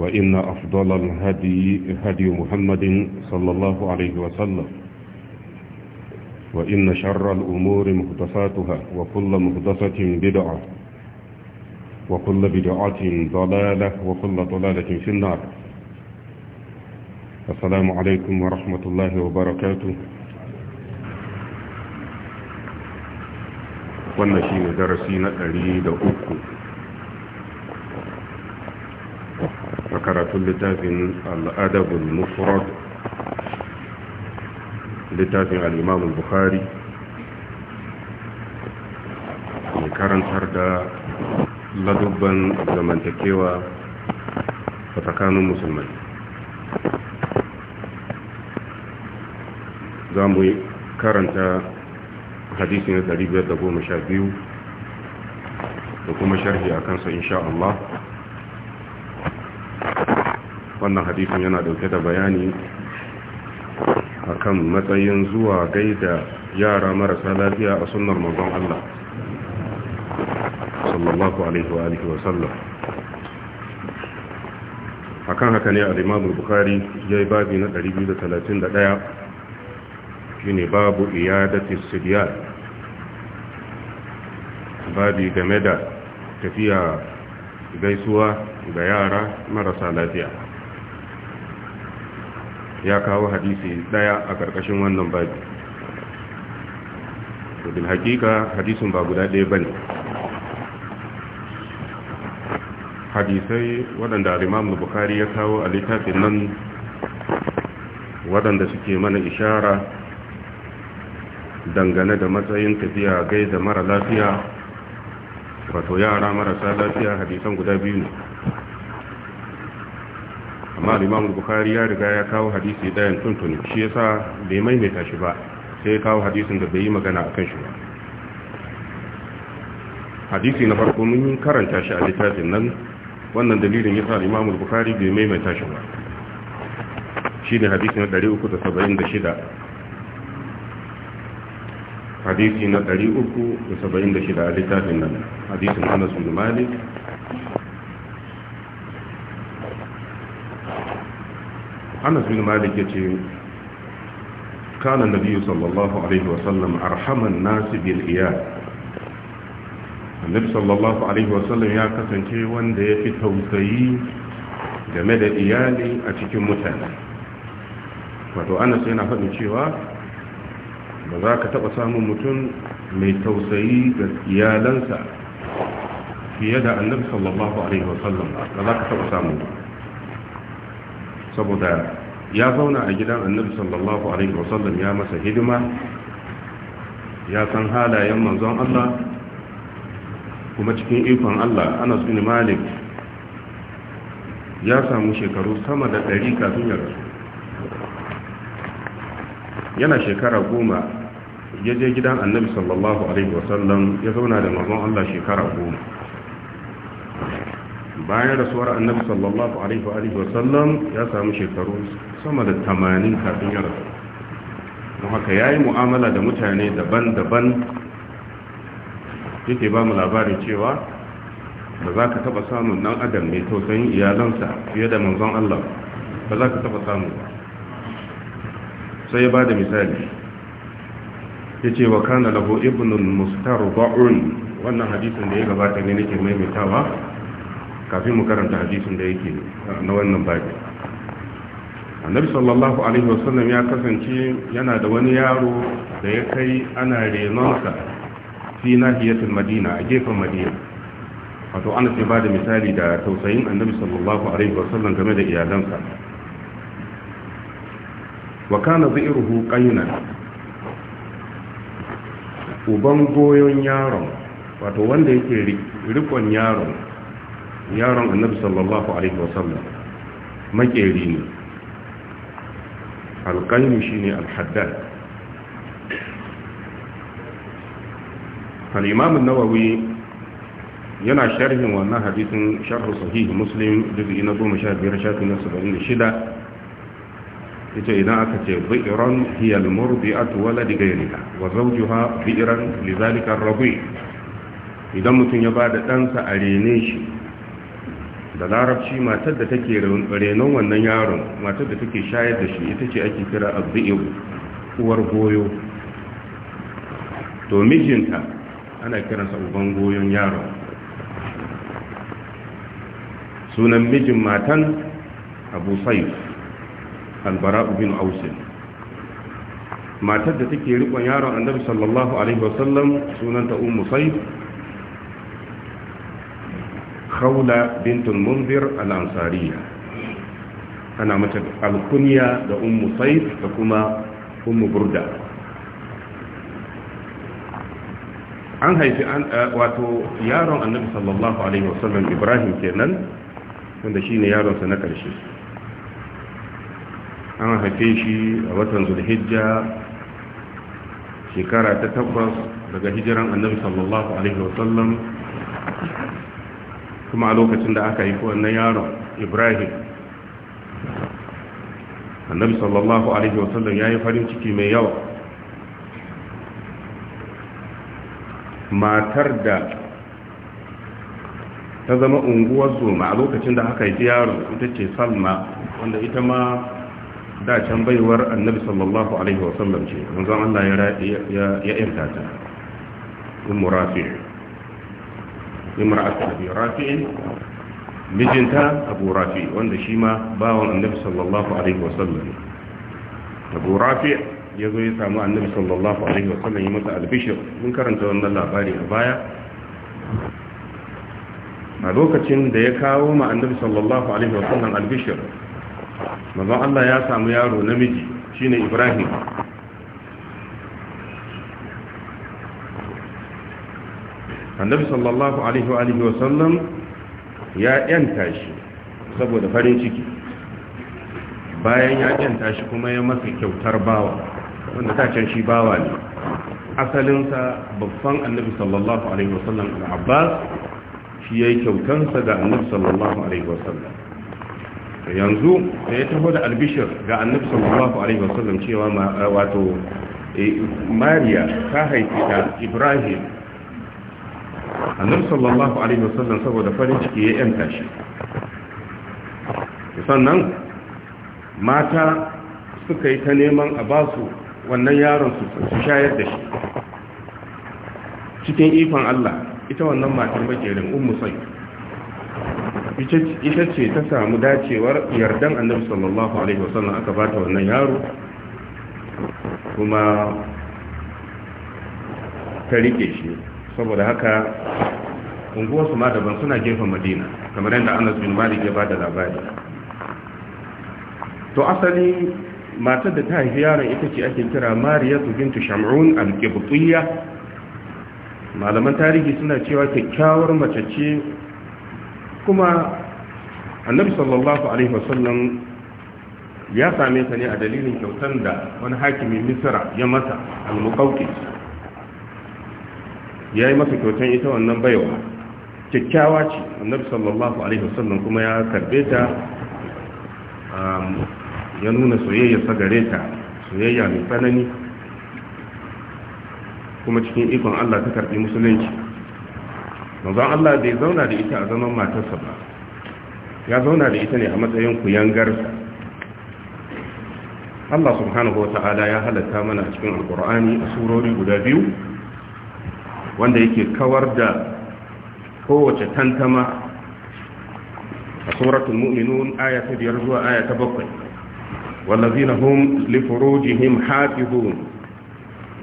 وإن أفضل الهدي هدي محمد صلى الله عليه وسلم وإن شر الأمور مهدساتها وكل مهدسة بدعة وكل بدعة ضلالة وكل ضلالة في النار السلام عليكم ورحمة الله وبركاته wannan shi أريد darasi karatun littafin al'adabul mufrad littafin al'imamin bukhari mai karantar da ladubban zamantakewa a tsakanin musulmai za mu karanta hadisi na 512 da kuma sharhi a kansa insha Allah wannan hadisin yana dauke da bayani akan matsayin zuwa gaida yara marasa lafiya a sunnar mazan Allah sallallahu alaihi wa alihi wa sallam akan haka ne al-Imam al ya yi babi na 231 shine babu iyadati sibyan babi game da tafiya gaisuwa ga yara marasa lafiya ya kawo hadisi daya a karkashin wannan babi bil hakika hadisin ba guda ɗaya bane hadisai waɗanda al-Imam Bukhari ya kawo a littafin nan waɗanda suke mana ishara dangane da matsayin tafiya gai da mara lafiya wato yara marasa lafiya hadisan guda biyu ne amma al-imam bukhari ya riga ya kawo hadisi ɗayan tuntuni shi yasa bai maimaita shi ba sai ya kawo hadisin da bai yi magana akan shi ba hadisi na farko mun karanta shi a littafin nan wannan dalilin yasa al-imam bukhari bai maimaita shi ba Shi ne hadisi na 376 hadisi na 376 a littafin nan hadisin Anas bin Malik anas bin malik ya ce kana nabiyu sallallahu alaihi wasallam arhaman nasi bil iyal annabi sallallahu alaihi wasallam ya kasance wanda ya fi tausayi game da iyali a cikin mutane wato anas yana faɗi cewa ba za ka taɓa samun mutum mai tausayi ga iyalansa fiye da annabi sallallahu alaihi wasallam ba za ka taɓa samun ba saboda ya zauna a gidan annabi sallallahu alaihi wasallam ya masa hidima ya san halayen manzon Allah kuma cikin ikon Allah Anas bin Malik ya samu shekaru sama da ɗari kafin ya rasu yana shekara goma ya je gidan annabi sallallahu alaihi wasallam ya zauna da manzon Allah shekara goma bayan rasuwar annabi sallallahu alaihi wa ya samu shekaru sama da tamanin kafin ya rasu don haka yayi mu'amala da mutane daban-daban yake ba mu labarin cewa ba za ka taba samun nan adam mai tausayin iyalansa fiye da manzon Allah ba za ka taba samu ba sai ya ba da misali ya ce wa kana lahu ibnun mustarba'un wannan hadisin da ya gabata ne nake maimaitawa kafin mu karanta hadisin da yake na wannan babi annabi sallallahu alaihi wasallam ya kasance yana da wani yaro da ya kai ana renonsa fi nahiyatul madina a gefen madina wato ana ce ba da misali da tausayin annabi sallallahu alaihi wasallam game da iyalansa wa kana zairuhu qayna uban goyon yaron wato wanda yake rikon yaron yaron annabi sallallahu alaihi wasallam makeri ne alƙaimi shi ne alhaddad al'imamun nawawi yana sharhin wannan hadisin sharhu sahihi muslim jirgi na goma sha biyar shafi na saba'in da shida ita idan aka ce bi'iran hiyal wala waladi gairika wa zawjuha bi'iran lizalikan rabi idan mutum ya ba da ɗansa a rene shi da larabci matar da take renon wannan yaron matar da take shayar da shi ita ce ake kira abdi'u uwar goyo to mijinta ana kiransa uban goyon yaron sunan mijin matan abu saif albara bin ausin matar da take rikon yaron annabi sallallahu alaihi wasallam sunanta ummu saif khawla bintul munzir al ana mata alkunya da ummu saif da kuma ummu burda an haifi eh, wato yaron annabi sallallahu alaihi wasallam ibrahim kenan wanda shine yaronsa na ƙarshe. an haife shi a watan zulhijja shekara ta tabbas daga hijiran annabi sallallahu alaihi wasallam kuma a lokacin da aka haifi wannan yaron ibrahim annabi sallallahu alaihi wasallam ya yi farin ciki mai yawa matar da ta zama unguwar zoma a lokacin da aka haifi yaron ita ce salma wanda ita ma dacen baiwar annabi sallallahu alaihi wasallam ce wanzan allah ya yanta ta umu rafi'u imra'atu abi rafi'in mijinta abu rafi wanda shi ma bawan annabi sallallahu alaihi wasallam abu rafi ya zo ya samu annabi sallallahu alaihi wasallam ya masa albishir mun karanta wannan labari a baya a lokacin da ya kawo ma annabi sallallahu alaihi wasallam albishir manzon Allah ya samu yaro namiji shine Ibrahim annabi sallallahu alaihi wa alihi wa sallam ya yanta shi saboda farin ciki bayan ya yanta shi kuma ya masa kyautar bawa wanda ta can shi bawa ne asalinsa babban annabi sallallahu alaihi wa sallam shi ya yi yayi kyautansa ga annabi sallallahu alaihi wa sallam yanzu da ya taho da albishir ga annabi sallallahu alaihi wasallam cewa wato eh, mariya ta haifi ta ibrahim annabi sallallahu alaihi wasallam saboda farin ciki ya yanta shi sannan mata suka yi ta neman a basu wannan yaron su shayar da shi cikin ikon Allah ita wannan matar makerin ummu sai ita ce ta samu dacewar yardan annabi sallallahu alaihi wasallam aka bata wannan yaro kuma ta rike shi saboda haka unguwarsu ma daban suna gefen madina kamar yadda anas bin malik ya bada labari to asali matar da ta haifi yaron ita ce ake kira mariyatu bintu sham'un al-qibtiyya malaman tarihi suna cewa kyakkyawar mace ce kuma annabi sallallahu alaihi wasallam ya same ta ne a dalilin kyautar da wani hakimin misra ya mata al-muqawqis ya yi masa kyautan ita wannan baiwa kyakkyawa ce annabi sallallahu alaihi wasallam kuma ya karbe ta um, ya nuna soyayya ta gare ta soyayya mai tsanani kuma cikin ikon Allah ta karbi musulunci manzon Allah bai zauna da ita a zaman matarsa ba ya zauna da ita ne a matsayin kuyangarsa Allah subhanahu wa ta'ala ya halatta mana cikin alkur'ani a surori guda biyu wanda yake kawar da kowace tantama a suratul mu'minun ayata biyar zuwa ayata bakwai. bakwai wallazina hum li furujihim hafizun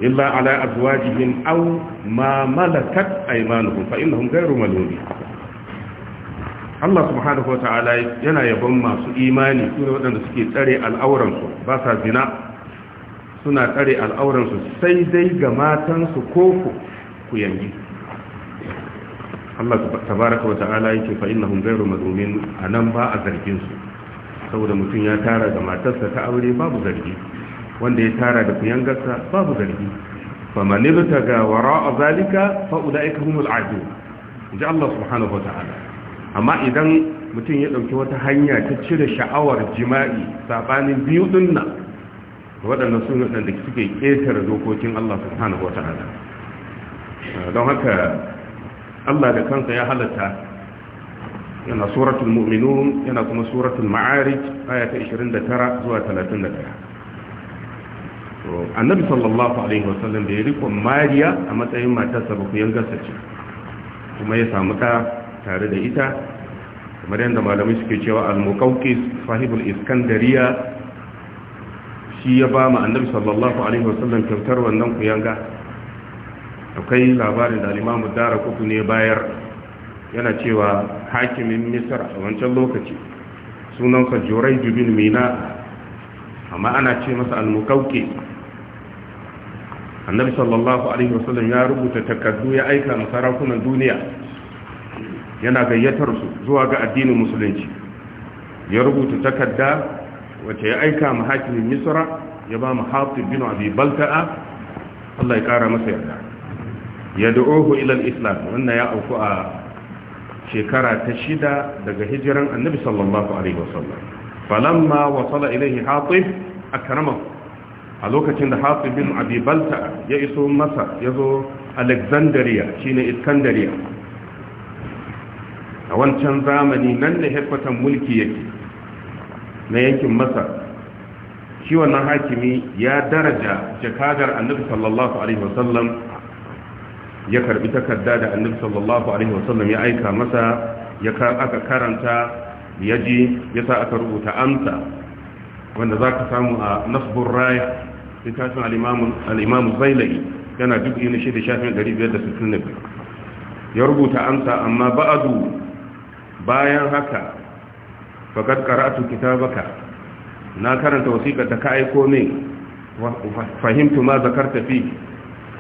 illa ala azwajihim au ma malakat aymanuhum fa innahum ghayru malumin Allah subhanahu wa ta'ala yana yabon masu imani su waɗanda suke tsare al'auransu ba sa zina suna tsare al'auransu sai dai ga matansu koko ku yanki Allah tabaraka wata'ala yake fa innahum ghayru madumin anan ba a zargin su saboda mutum ya tara da matarsa ta aure babu zargi wanda ya tara da kuyangarsa babu zargi Fa faman ibtaga wara'a zalika fa ulaika humul adu ji Allah subhanahu ta'ala amma idan mutum ya dauki wata hanya ta cire sha'awar jima'i sabanin biyu dinna waɗannan sun da suke ƙetare dokokin Allah subhanahu ta'ala don haka Allah da kansa ya halatta yana suratul mu'minun yana kuma suratul ma'arij ayata 29 zuwa 31 annabi sallallahu alaihi wasallam da ya riko mariya a matsayin matarsa ba ku yangarsa ce kuma ya samu ta tare da ita kamar yadda malamai suke cewa al-muqawqis sahibul iskandariya shi ya ba mu annabi sallallahu alaihi wasallam kyautar wannan kuyanga akwai labarin da limamu dara kuku ne bayar yana cewa hakimin misar a wancan lokaci sunansa jorai jubin mina amma ana ce masa almukauke annabi sallallahu alaihi wasallam ya rubuta takardu ya aika masarakunan duniya yana gayyatar su zuwa ga addinin musulunci ya rubuta takarda wacce ya aika ma hakimin misra ya ba mu hatib bin abi balta'a Allah ya kara masa yarda yad'uhu ila al-islam wannan ya auku a shekara ta shida daga hijiran annabi sallallahu alaihi wasallam falamma wasala ilayhi hatib akramahu a lokacin da hatib bin abi balta ya iso masa yazo alexandria shine iskandariya a wancan zamani nan da hefatan mulki yake na yankin masar shi wannan hakimi ya daraja jakadar annabi sallallahu alaihi wasallam ya karbi takarda da annabi sallallahu alaihi wasallam ya aika masa ya aka karanta ya ji ya sa aka rubuta amsa wanda za ka samu a nasbur raya littafin al'imamu zailai yana duk yin shi da shafin 565 ya rubuta amsa amma ba'adu bayan haka fakat karatu kitabaka na karanta wasiƙar da ka aiko ne fahimtu ma zakarta fi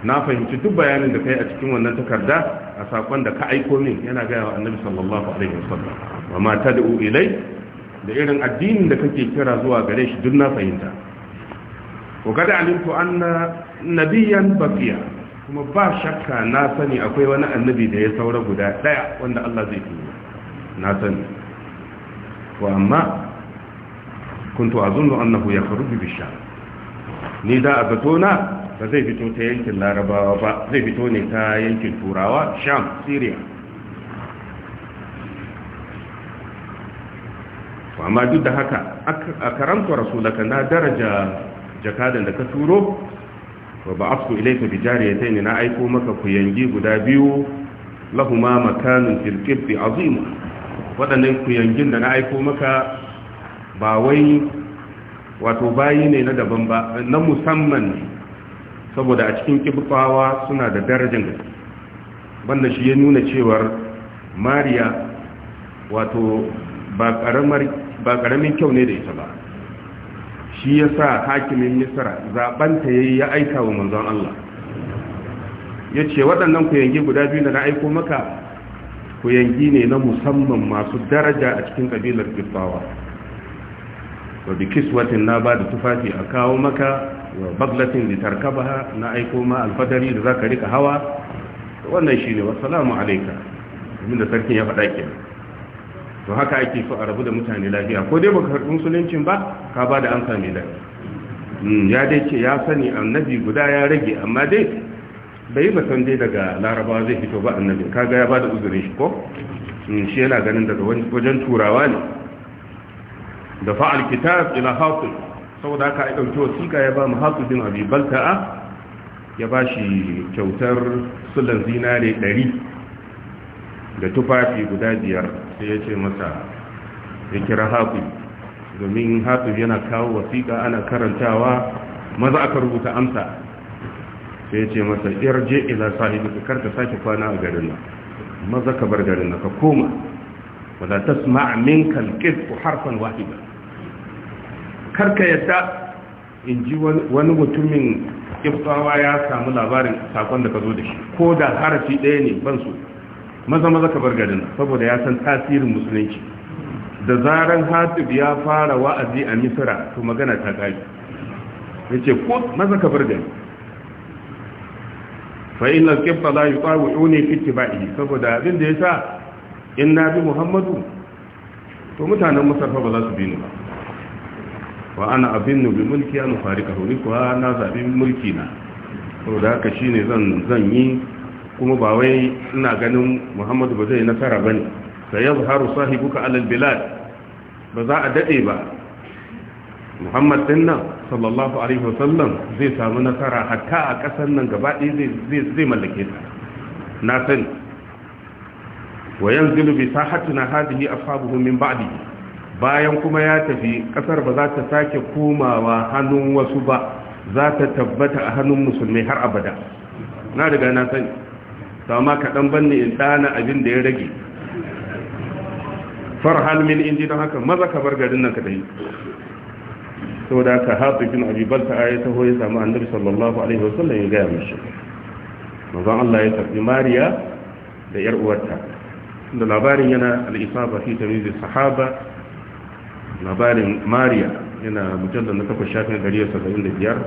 na fahimci duk bayanin da kai a cikin wannan takarda a sakon da ka aiko min yana gaya wa annabi sallallahu alaihi wasallam wa ma tad'u ilai da irin addinin da kake kira zuwa gare shi duk na fahimta wa kada alimtu anna nabiyyan baqiya kuma ba shakka na sani akwai wani annabi da ya saura guda daya wanda Allah zai turo na sani wa amma kuntu azunnu annahu yakhruju bi shar ni da a zato na ba zai fito ta yankin larabawa ba zai fito ne ta yankin turawa sham syria amma duk da haka a karanta rasulaka na daraja jakadan da ka turo wa ba afku ilaika bi jariyatayn na aiko maka ku yangi guda biyu lahuma makanun fil qibti azim wadannan ku yangin da na aiko maka ba wai wato bayi ne na daban ba na musamman ne saboda a cikin kibbawa suna da darajin gaske banda shi ya nuna cewar mariya wato ba karamin kyau ne da ita ba shi ya sa hakimin misra zaɓanta ya yi ya aika wa manzon Allah ya ce waɗannan kuyangi guda biyu da na aiko maka kuyangi ne na musamman masu daraja a cikin ƙabilar gifawa wadda kiswatin na ba da tufafi a kawo maka baglatin da ba na aiko ma alfadari da za ka rika hawa wannan shi ne wasalamu alaika abinda sarkin ya faɗa ke to haka ake so a rabu da mutane lafiya ko dai baka karɓi musuluncin ba ka ba da an sami hmm, ya dai ce ya sani annabi guda ya rage amma dai bai yi masan dai daga larabawa zai fito ba annabi kaga ya ba da uzurin shi ko hmm, shi yana ganin daga wajen turawa ne da fa'al kitab ila hafiz saboda aka ya ɗauki wasiƙa ya ba mu hatsudin abi balta'a ya ba shi kyautar sulan zinare ɗari da tufafi guda biyar sai ya ce masa ya kira haku domin haku yana kawo wasiƙa ana karantawa maza aka rubuta amsa sai ya ce masa irje ila sahibi da karta sake kwana a garin nan maza ka bar garin nan ka koma wadda ta sma min kalkif harfan wahida karka yadda in ji wani mutumin iftawa ya samu labarin sakon da ka zo da shi ko da harafi ɗaya ne ban su. maza maza ka bar garin saboda ya san tasirin musulunci da zaren hatib ya fara wa'azi a misira to magana ta kai ya ce ko maza ka bar gari fa'in lalkifta la yi tsawo ne fiti ba'i saboda abin da ya sa in na bi muhammadu to mutanen musafa ba za su bi ni ba wa ana abin nubi mulki an farika hori kuwa na zaɓi mulki na da haka shi ne zan yi kuma ba wai ina ganin muhammadu ba zai nasara ba ne sai ya zuharu sahibuka alal bilad ba za a daɗe ba muhammad ɗin nan sallallahu alaihi wasallam zai samu nasara hatta a ƙasar nan gabaɗe zai mallake ta na sani wa yanzu bi sahatuna hadihi ashabuhu min ba'dihi bayan kuma ya tafi kasar ba za ta sake komawa hannun wasu ba za ta tabbata a hannun musulmai har abada na riga na sani sama kaɗan banne in ɗana abin da ya rage Farhan min inji don haka maza ka bar garin nan ka Sau da ka haɗu bin abubuwar ta ayi taho ya samu annabi sallallahu alaihi wasallam ya gaya mashi mazan allah ya tafi mariya da yar uwarta da labarin yana ba fi tamizi sahaba labarin mariya yana mujallar na takwas shafin ɗari saba'in da biyar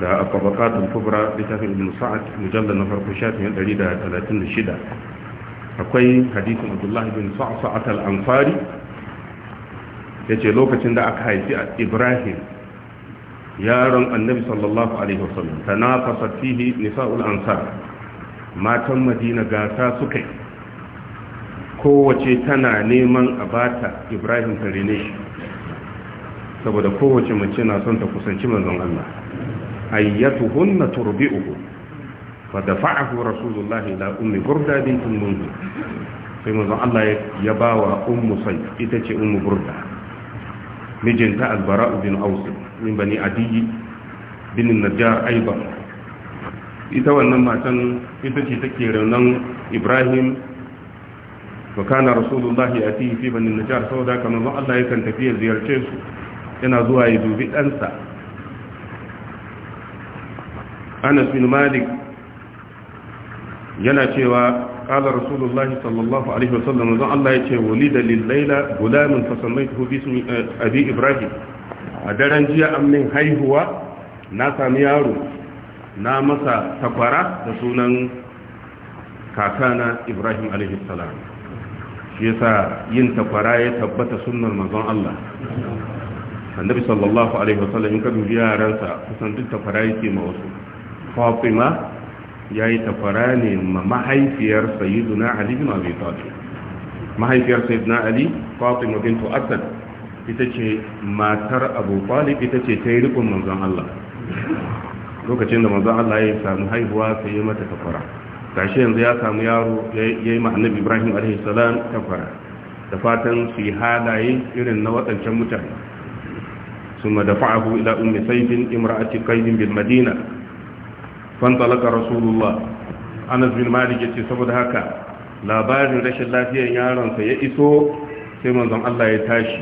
da akwabakatun kubra littafin ibn sa'ad mujallar na farko shafin ɗari da talatin da shida akwai hadisin abdullahi bin sa'ad al-ansari ya ce lokacin da aka haifi a ibrahim yaron annabi sallallahu alaihi wasallam ta na fasattihi nisa'ul ansar matan madina gasa suka yi kowace tana neman a bata ibrahim ta rene shi saboda kowace mace na son ta kusanci manzon Allah ayyatuhunna turbi'uhu fa dafa'ahu rasulullahi ila ummi burda bint munzir sai manzon Allah ya bawa ummu sai ita ce ummu burda mijinta albara bin aus min bani adiyi bin najjar aiba ita wannan matan ita ce take raunan ibrahim وكان رسول الله يأتيه في بني النجار سودا كما الله يكن ziyarce su. yana zuwa yi dubi ɗansa anas bin malik yana cewa ƙalar rasulullah sallallahu alaihi wasallam zan Allah ya ce wali da lillaila gulamin fasammai ta hubi eh, abi ibrahim a daren jiya an min haihuwa na sami yaro na masa takwara da sunan kakana ibrahim alaihi salam shi yasa yin takwara ya tabbata sunan mazan Allah annabi sallallahu alaihi wasallam in ka dubi yaransa kusan duk tafara yake ma wasu fatima ya yi tafara ne ma mahaifiyar sayyiduna ali bin abi talib mahaifiyar sayyiduna ali fatima bintu asad ita ce matar abu talib ita ce ta yi rikon manzon allah lokacin da manzon allah ya samu haihuwa sai ya mata tafara gashi yanzu ya samu yaro ya yi ma annabi ibrahim alaihi salam tafara da fatan su yi halaye irin na waɗancan mutane ثم دفعه إلى أم سيف امرأة قيد بالمدينة فانطلق رسول الله أنس بن مالك يتي سبب هكا لا بارن رش الله فيه يارا سيئسو سيما زم الله يتاشي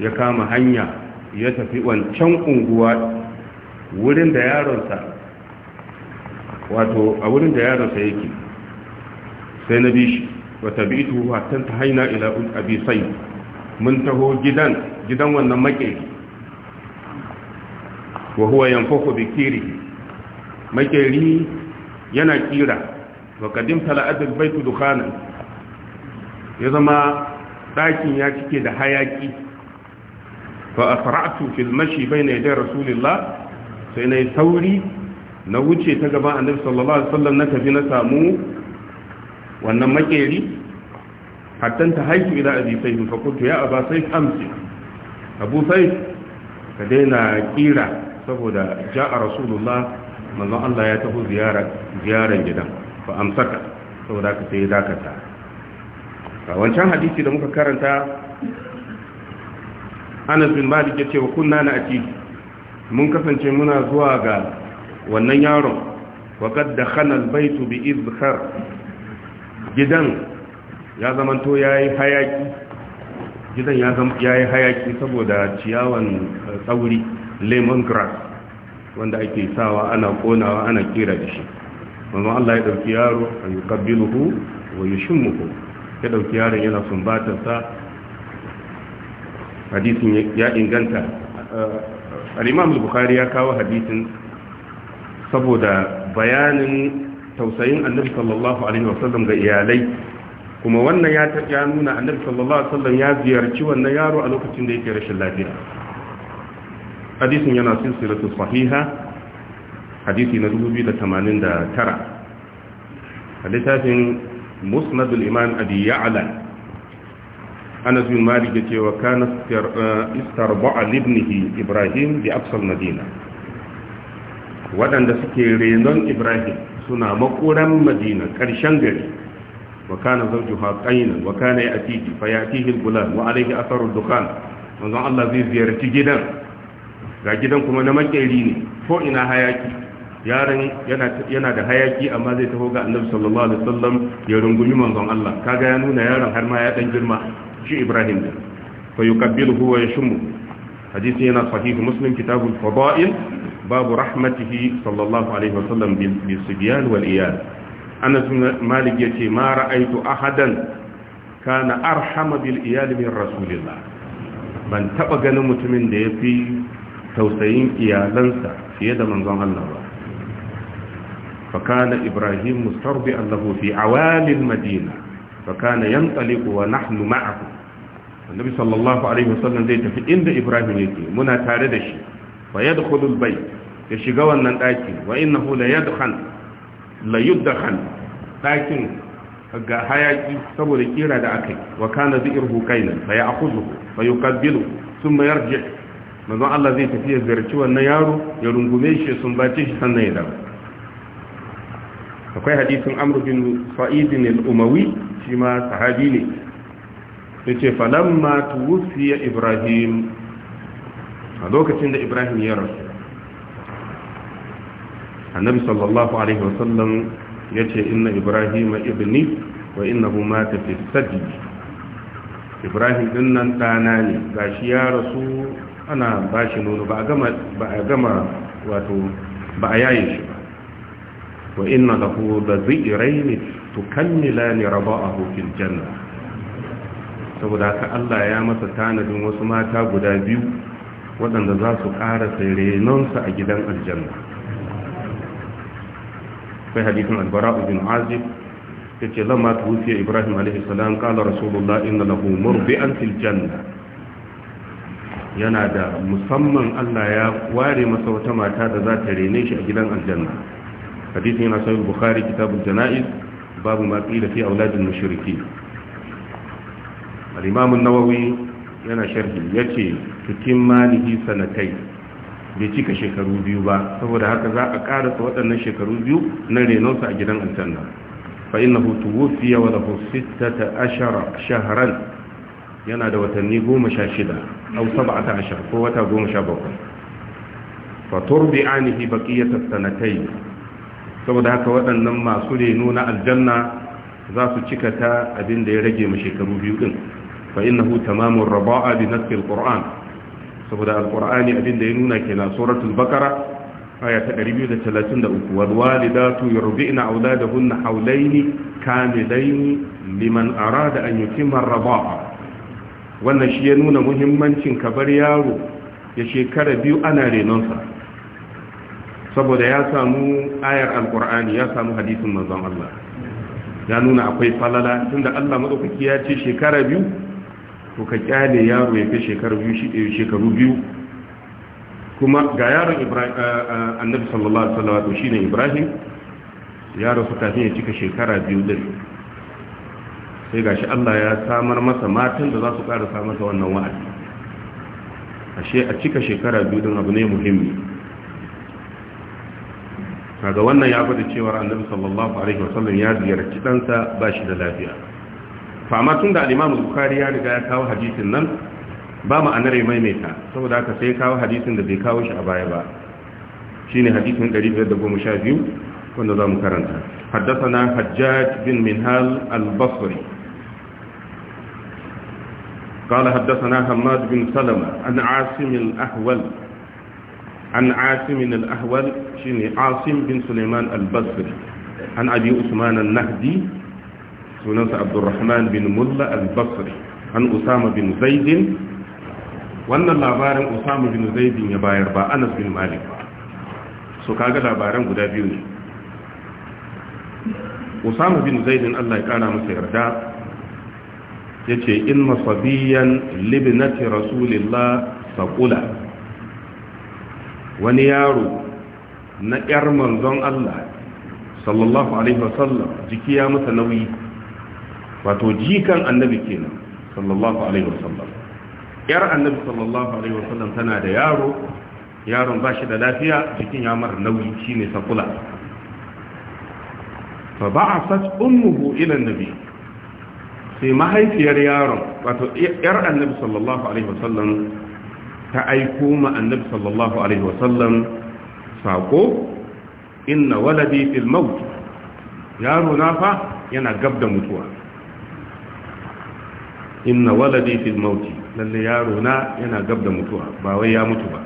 يكام هنيا يتفي وانشان انقوا ورن ديارا سا واتو أورن ديارا سيكي سينبيش وتبيته حتى انتهينا إلى أبي سيف من تهو جدا جدا وانا مكيكي wa huwa yanfaku bi makeri yana kira wa kadimta tala'at al-bayt dukhanan ya zama dakin ya cike da hayaki fa asra'tu fil mashi bayna yaday rasulillah sai nayi sauri na wuce ta gaban annabi sallallahu alaihi wasallam na tafi na samu wannan makeri hatta ta haiku ila abi sayf fa qultu ya aba sayf amsi abu sayf ka daina kira saboda ja a rasulullah manzon Allah ya taho ziyara ziyaran gidan fa amsaka saboda ka sai dakata a wancan hadisi da muka karanta Anas bin Malik ce wa kunna na ati mun kasance muna zuwa ga wannan yaron wa qad dakhana al-bayt bi izhar gidan ya zamanto yayi hayaki gidan ya yi hayaki saboda ciyawan eh, tsauri lemon grass wanda ake sawa ana konawa ana kira da shi manzon Allah ya dauki yaro a yuqabbiluhu wa yushimmuhu ya dauki yaron yana sumbatar sa hadisin ya inganta eh, al-Imam al-Bukhari ya kawo hadisin saboda bayanin tausayin Annabi sallallahu alaihi wasallam ga iyalai kuma wannan ya nuna Annabi sallallahu alaihi wasallam ya ziyarci wannan yaro a lokacin da yake rashin lafiya hadisin yana silsilatu sahiha hadisi na 2089 a littafin musnadul imam abi ya'la anas bin malik yace wa kana eh, istarba'a libnihi ibrahim bi aqsal madina waɗanda suke renon ibrahim suna makuran madina ƙarshen gari wa kana zawjuha qainan wa kana ya'tihi fa al-gulam wa alayhi atharu dukan manzon Allah zai ziyarci gidan ga gidan kuma na makeri ne ko ina hayaki yaron yana da hayaki amma zai taho ga annabi sallallahu alaihi wasallam ya rungumi manzon Allah kaga ya nuna yaron har ma ya dan girma shi Ibrahim din fa yukabbiluhu wa yashmu hadisi yana sahih muslim kitabul fadail babu rahmatihi sallallahu alaihi wasallam bil sibyan wal iyal anas malik yace ma ra'aytu ahadan kana arhama bil iyal min rasulillah ban taba ganin mutumin da yafi tausayin iyalansa fiye da manzon Allah ba fakana ibrahim mustarbi allahu fi awalil madina fakana yantaliqu wa nahnu ma'ahu annabi sallallahu alaihi wasallam zai tafi inda ibrahim yake muna tare da shi fa yadkhulul bayt ya shiga wannan daki wa innahu la yadkhan la yudkhan dakin ga hayaki saboda kira da akai wa kana dhi'ruhu kainan fa ya'khudhu fa yuqabbilu thumma yarji' manzon Allah zai tafi ya ziyarci wannan yaro ya rungume shi sun bace shi sannan ya dawo akwai hadisin amr bin sa'id al-umawi shi ma sahabi ne yace falamma tuwfiya ibrahim a lokacin da ibrahim ya rasu annabi sallallahu alaihi wa wasallam yace inna ibrahima ibni wa innahu mata fi sajdi ibrahim dinnan dana ne gashi ya rasu ana ba shi nono ba a gama wato ba a yayin shi ba wa inna lahu da raini to kammila ne raba a janna saboda haka Allah ya masa tanadin wasu mata guda biyu waɗanda za su ƙara renonsa a gidan aljanna sai hadithin albara'u bin azib ya ce lamma tuwufiya ibrahim a.s. ƙala rasulullah ina lahu murbi'an fil janna yana da musamman Allah ya ware masa wata mata da za ta rene shi a gidan aljanna hadisi yana sahih bukhari kitabul janaiz babu ma da fi auladil mushriki al-imam nawawi yana sharhi yace tukin malihi sanatai bai cika shekaru biyu ba saboda haka za a karasa waɗannan shekaru biyu na renonsa a gidan aljanna fa innahu tuwfiya wa lahu 16 shahran yana da watanni goma sha shida. aw sab'ata ashar ko wata 17 fa turbi'anihi baqiyata sanatayn saboda haka waɗannan masu reno na aljanna za su cika ta abin ya rage ma shekaru biyu din fa innahu tamamur raba'a bi nasfi alquran saboda alqur'ani abin ya nuna ke na suratul Bakara aya ta 233 wal walidatu yurbi'na auladahunna hawlayn kamilayn liman arada an yutimma raba'a wannan shi ya nuna muhimmancin ka bar yaro ya shekara biyu ana renonsa saboda ya samu ayar alkur'ani ya samu hadisin manzon Allah ya nuna akwai falala tunda Allah madaukaki ya ce shekara biyu to ka kyale yaro ya kai shekaru biyu shi eh, shekaru biyu kuma ga yaron Ibrahim eh, eh, annabi sallallahu alaihi wasallam shine Ibrahim yaro su kafin ya cika shekara biyu din sai ga shi Allah ya samar masa matan da za su samar masa wannan wa'adi ashe a cika shekara biyu din abu ne muhimmi kaga wannan ya gwada cewar annabi sallallahu alaihi wasallam ya ziyarci ɗansa ba shi da lafiya Fama tun da al-imam ya riga ya kawo hadisin nan ba ma'anar ya maimaita saboda haka sai kawo hadisin da bai kawo shi a baya ba shine hadisin 512 wanda za mu karanta Hajjaj Bin Minhal Al-Basri. قال حدثنا حماد بن سلمة عن عاصم الأهول عن عاصم الأهول شيني عاصم بن سليمان البصري عن أبي عثمان النهدي سننس عبد الرحمن بن ملا البصري عن أسامة بن زيد wannan labarin Usama bin Zaidin ya bayar ba Anas bin Malik ba so kaga labaran guda biyu ne Usama bin Zaidin Allah ya kara masa yarda Ya yace inna sabiyan libinati rasulillah faqula wani yaro na ƴar manzon Allah sallallahu alaihi wasallam jiki ya masa nauyi wato jikan annabi kenan sallallahu alaihi wasallam Ƴar annabi sallallahu alaihi wasallam tana da yaro yaron ba shi da lafiya jikin ya mara nauyi shine sakula fa ba'athat ummuhu ila annabi sai mahaifiyar yaron wato yar annabi sallallahu alaihi wasallam ta aiko ma annabi sallallahu alaihi wasallam sako inna waladi fil maut yaro na fa yana gab da mutuwa inna waladi fil maut lalle yaro na yana gab da mutuwa ba wai ya mutu ba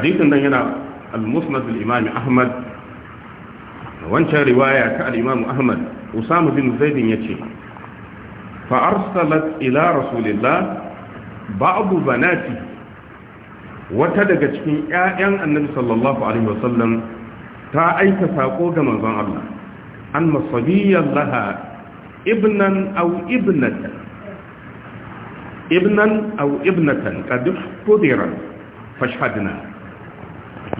hadisin nan yana al-musnad al-imam ahmad wancan riwaya ta al-imam ahmad usama bin zaidin ya ce fa'arsalat ila rasulillah babu banati wata daga cikin 'ya'yan annabi sallallahu alaihi wasallam ta aika sako ga manzon Allah an masabiyyan laha ibnan au ibnatan ibnan aw ibnatan qad fashhadna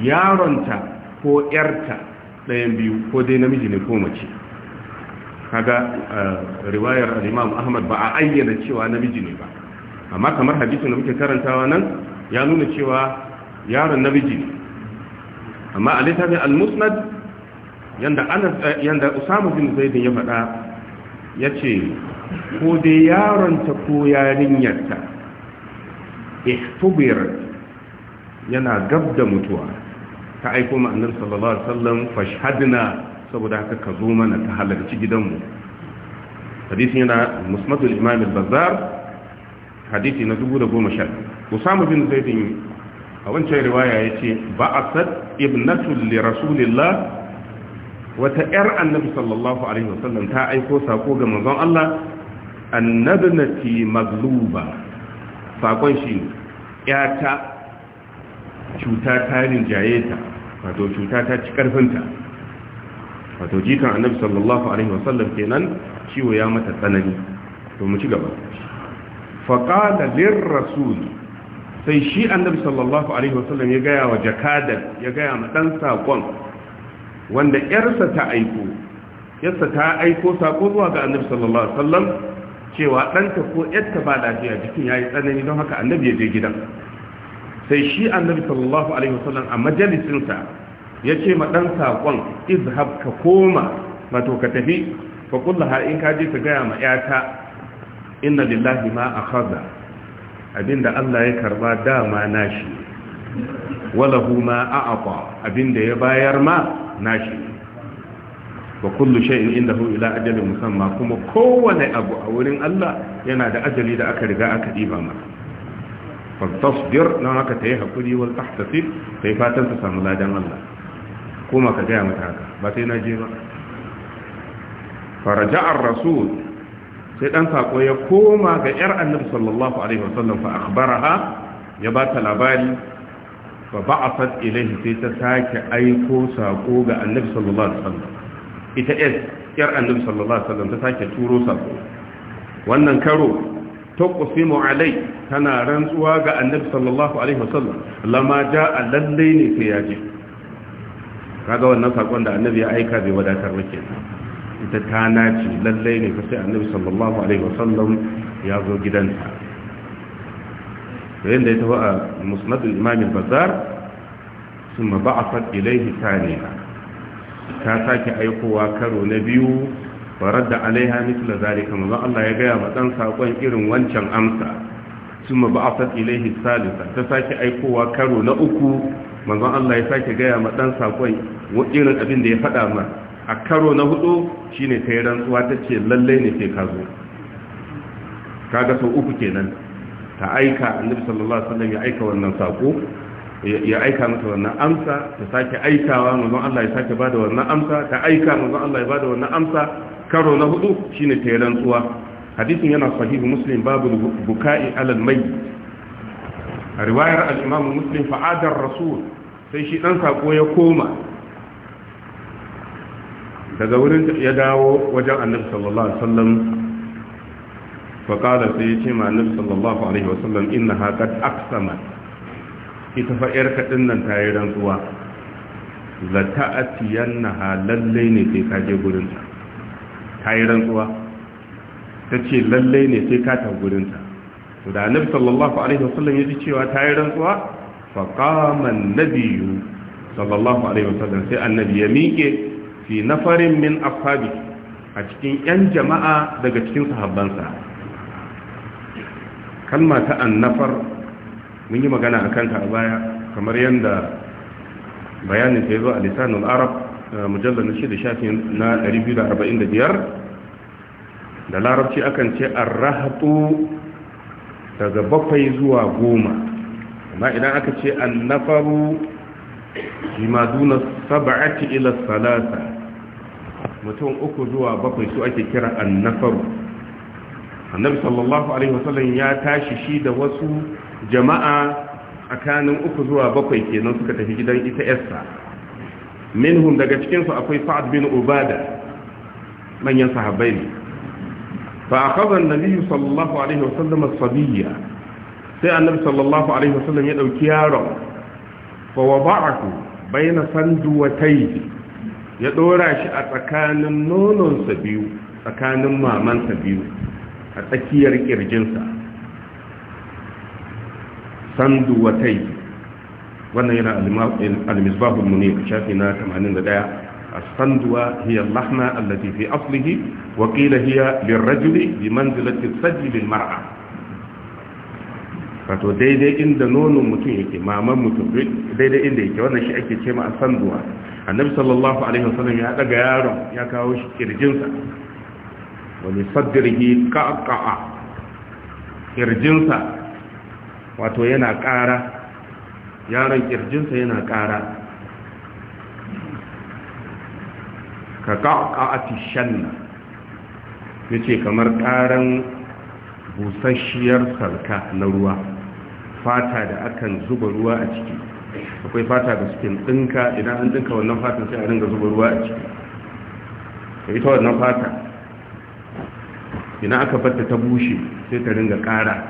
yaronta ko yarta ɗayan biyu ko dai namiji ne ko mace kaga eh, riwayar al-Imam Ahmad ba a ayyana cewa namiji ne ba amma kamar hadisin da muke karantawa nan ya nuna cewa yaron namiji ne amma a littafin al-Musnad yanda Anas eh, yanda Usama bin Zaid ya faɗa yace ko dai yaron ta ko yarinyarta ihtubir yana gab da mutuwa ta aiko ma sallallahu alaihi wasallam fashhadna saboda haka ka zo mana ta halarci gidanmu hadisin yana musmadul imam al-bazzar hadisi na 2010 usama bin zaidin a wancan riwaya yace ba'asat ibnatu li rasulillah wata yar annabi sallallahu alaihi wasallam ta aiko sako ga manzon Allah annabnati magluba sakon shi yata cuta ta rinjayeta. wato cuta ta ci karfinta wato jikan annabi sallallahu alaihi wasallam kenan ciwo ya mata tsanani to mu ci gaba faqala lirrasul sai shi annabi sallallahu alaihi wasallam ya gaya wa jakada ya gaya ma dan sakon wanda yarsa ta aiko yarsa ta aiko sako zuwa ga annabi sallallahu alaihi wasallam cewa danta ko 'yarta ba lafiya jikin ya yi tsanani don haka annabi ya je gidan sai shi annabi sallallahu alaihi wasallam a majalisinsa ya ce ma ɗan saƙon izhab ka koma wato ka tafi fa kullaha in ka je ka gaya ma yata inna lillahi ma akhadha abinda Allah ya karba dama nashi walahu ma a'ata abinda ya bayar ma nashi wa kullu shay'in indahu ila ajalin musamma kuma kowane abu a wurin Allah yana da ajali da aka riga aka diba masa fastasbir na haka tayi hakuri wal tahtasib sai fatan ta samu ladan Allah kuma ka gaya mata haka ba sai na je ba faraja'ar rasul sai dan sako ya koma ga yar annabi sallallahu alaihi wasallam fa akhbaraha ya ba ta labari fa ba'athat ilayhi sai ta sake aiko sako ga annabi sallallahu alaihi wasallam ita yar annabi sallallahu alaihi wasallam ta sake turo sako wannan karo tuqsimu alai tana rantsuwa ga annabi sallallahu alaihi wasallam lama ja'a lalle ne sai ya je kaga wannan sakon da annabi ya aika bai wadatar ba kenan ita ta naci lallai ne fa sai annabi sallallahu alaihi wasallam ya zo gidanta Da yadda ya tafi a musnad al Bazar sun bazar thumma ba'athat ilayhi ta sake aikowa karo na biyu faradda alaiha zari kamar manzo Allah ya gaya ma dan sakon irin wancan amsa thumma ba'athat ilayhi thalitha ta sake aikowa karo na uku manzon Allah ya sake gaya ma dan sakon irin abin da ya faɗa ma a karo na hudu shine ta yi rantsuwa ta ce lalle ne sai ka zo kaga sau uku kenan ta aika annabi sallallahu alaihi wasallam ya aika wannan sako ya aika mata wannan amsa ta sake aikawa manzon Allah ya sake bada wannan amsa ta aika manzon Allah ya bada wannan amsa karo na hudu shine ta yi rantsuwa hadisin yana sahihu muslim babu buka'i alal mai a riwayar al'imamu muslim fa'adar rasul sai shi ɗan saƙo ya koma daga wurin ya dawo wajen annabi sallallahu alaihi wasallam faƙada sai ya ce ma annabi sallallahu alaihi wasallam inna haƙar aksama ita fa'yar kaɗin nan ta yi rantsuwa za ta a atiyan na halallai ne sai ka je gurinta ta yi rantsuwa ta ce lallai ne sai ka ta gurinta to da annabi sallallahu alaihi wasallam ya ji cewa ta yi rantsuwa fa qama an-nabiyyu sallallahu alaihi wasallam sai annabi ya miƙe fi nafarin min ashabi a cikin yan jama'a daga cikin sahabbansa kalma ta annafar mun yi magana akan ta a baya kamar yadda bayanin ta zo a lisanul arab mujallal na 6 shafin na 245 da larabci akan ce an arrahatu daga bakwai zuwa goma amma idan aka ce an nafaru jimaduna saba'ati ila salasa mutum uku zuwa bakwai su ake kira an nafaru annabi sallallahu alaihi wasallam ya tashi shi da wasu jama'a tsakanin uku zuwa bakwai kenan suka tafi gidan ita yasa minhum daga cikinsu akwai fa'ad bin ubada manyan sahabbai fa akhadha an-nabi sallallahu alaihi wasallam as-sabiyya sai annabi sallallahu alaihi wasallam ya ɗauki yaron fa wada'ahu baina sanduwatayhi ya ɗora shi a tsakanin nononsa biyu tsakanin mamansa biyu a tsakiyar ƙirjinsa. kirjinsa sanduwatayhi wannan yana al muni a shafi na 81 as-sanduwa hiya al-lahna allati fi aslihi wa qila hiya lirrajuli bi manzilati as-sajli wato daidai inda nonon mutum yake maman mutum daidai inda yake wannan shi ake ce ma as-sanduwa annabi sallallahu alaihi wasallam ya daga yaron ya kawo shi kirjinsa wani li sadrihi qaqa'a kirjinsa wato yana ƙara yaron kirjinsa yana ƙara ka ƙa'ati shanna ya ce kamar ƙaran busasshiyar sarka na ruwa fata da akan zuba ruwa a ciki akwai fata da suke ɗinka idan an ɗinka wannan fata sai a ringa zuba ruwa a ciki da ita wannan fata idan aka batta ta bushe sai ta ringa ƙara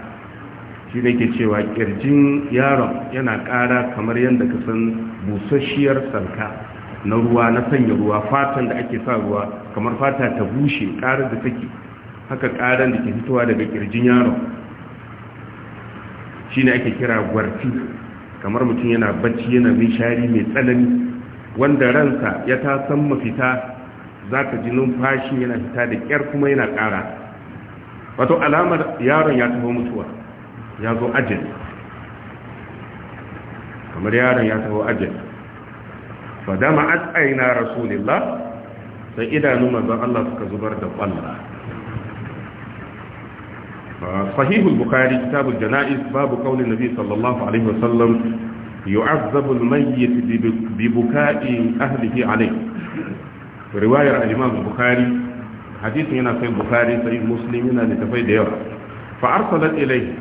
shi da ke cewa ƙirjin yaron yana ƙara kamar yadda ka san busasshiyar sarka na ruwa na sanya ruwa fatan da ake sa ruwa kamar fata ta bushe ƙarar da take haka ƙarar da ke fitowa daga ƙirjin yaro shi ne ake kira gwarfi kamar mutum yana bacci yana shari mai tsanani wanda ransa ya ta san mafita za ka ji numfashi yana fita da ƙyar kuma yana ƙara wato alamar yaron ya taho mutuwa ya zo ajiyar kamar yaron ya taho ajiyar Fadama dama at'aina rasulillah sai idanu manzon Allah suka zubar da kwalla sahihul bukhari kitabul janaiz babu qaulin nabi sallallahu alaihi wasallam yu'azzabu al-mayyit bi buka'i ahlihi riwayar al bukhari hadithin yana kai bukhari sai muslim yana tafai da yawa fa arsalat ilayhi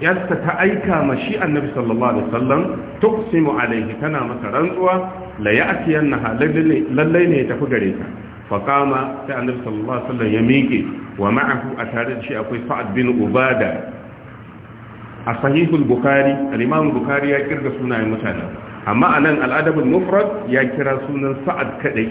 yadda ta aika ma shi annabi sallallahu alaihi alaihi tana masa rantsuwa la ya'tiyannaha lallai ne ya tafi gare ta faƙama ta annabi sallallahu alaihi wasallam ya miƙe wa ma'ahu a tare da shi akwai fa'ad bin ubada a sahihul bukari al-imam bukhari ya kirga sunayen mutane amma a nan adabul mufrad ya kira sunan sa'ad kadai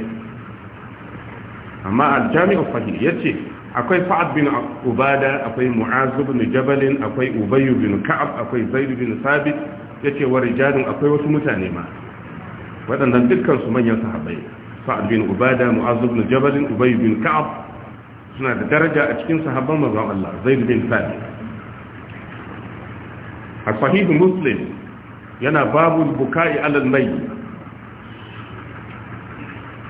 amma al-jami'u sahih yace akwai fa'ad bin ubada akwai mu'az bin jabal akwai ubay bin ka'ab akwai zaid bin sabit yace wa rijalun akwai wasu mutane ma waɗannan dukkan su manyan sahabbai sa'ad bin ubada mu'azz bin jabal ubay bin ka'ab suna da daraja a cikin sahabban manzon Allah zaid bin sabit a sahih muslim yana babu buka'i alal mayyit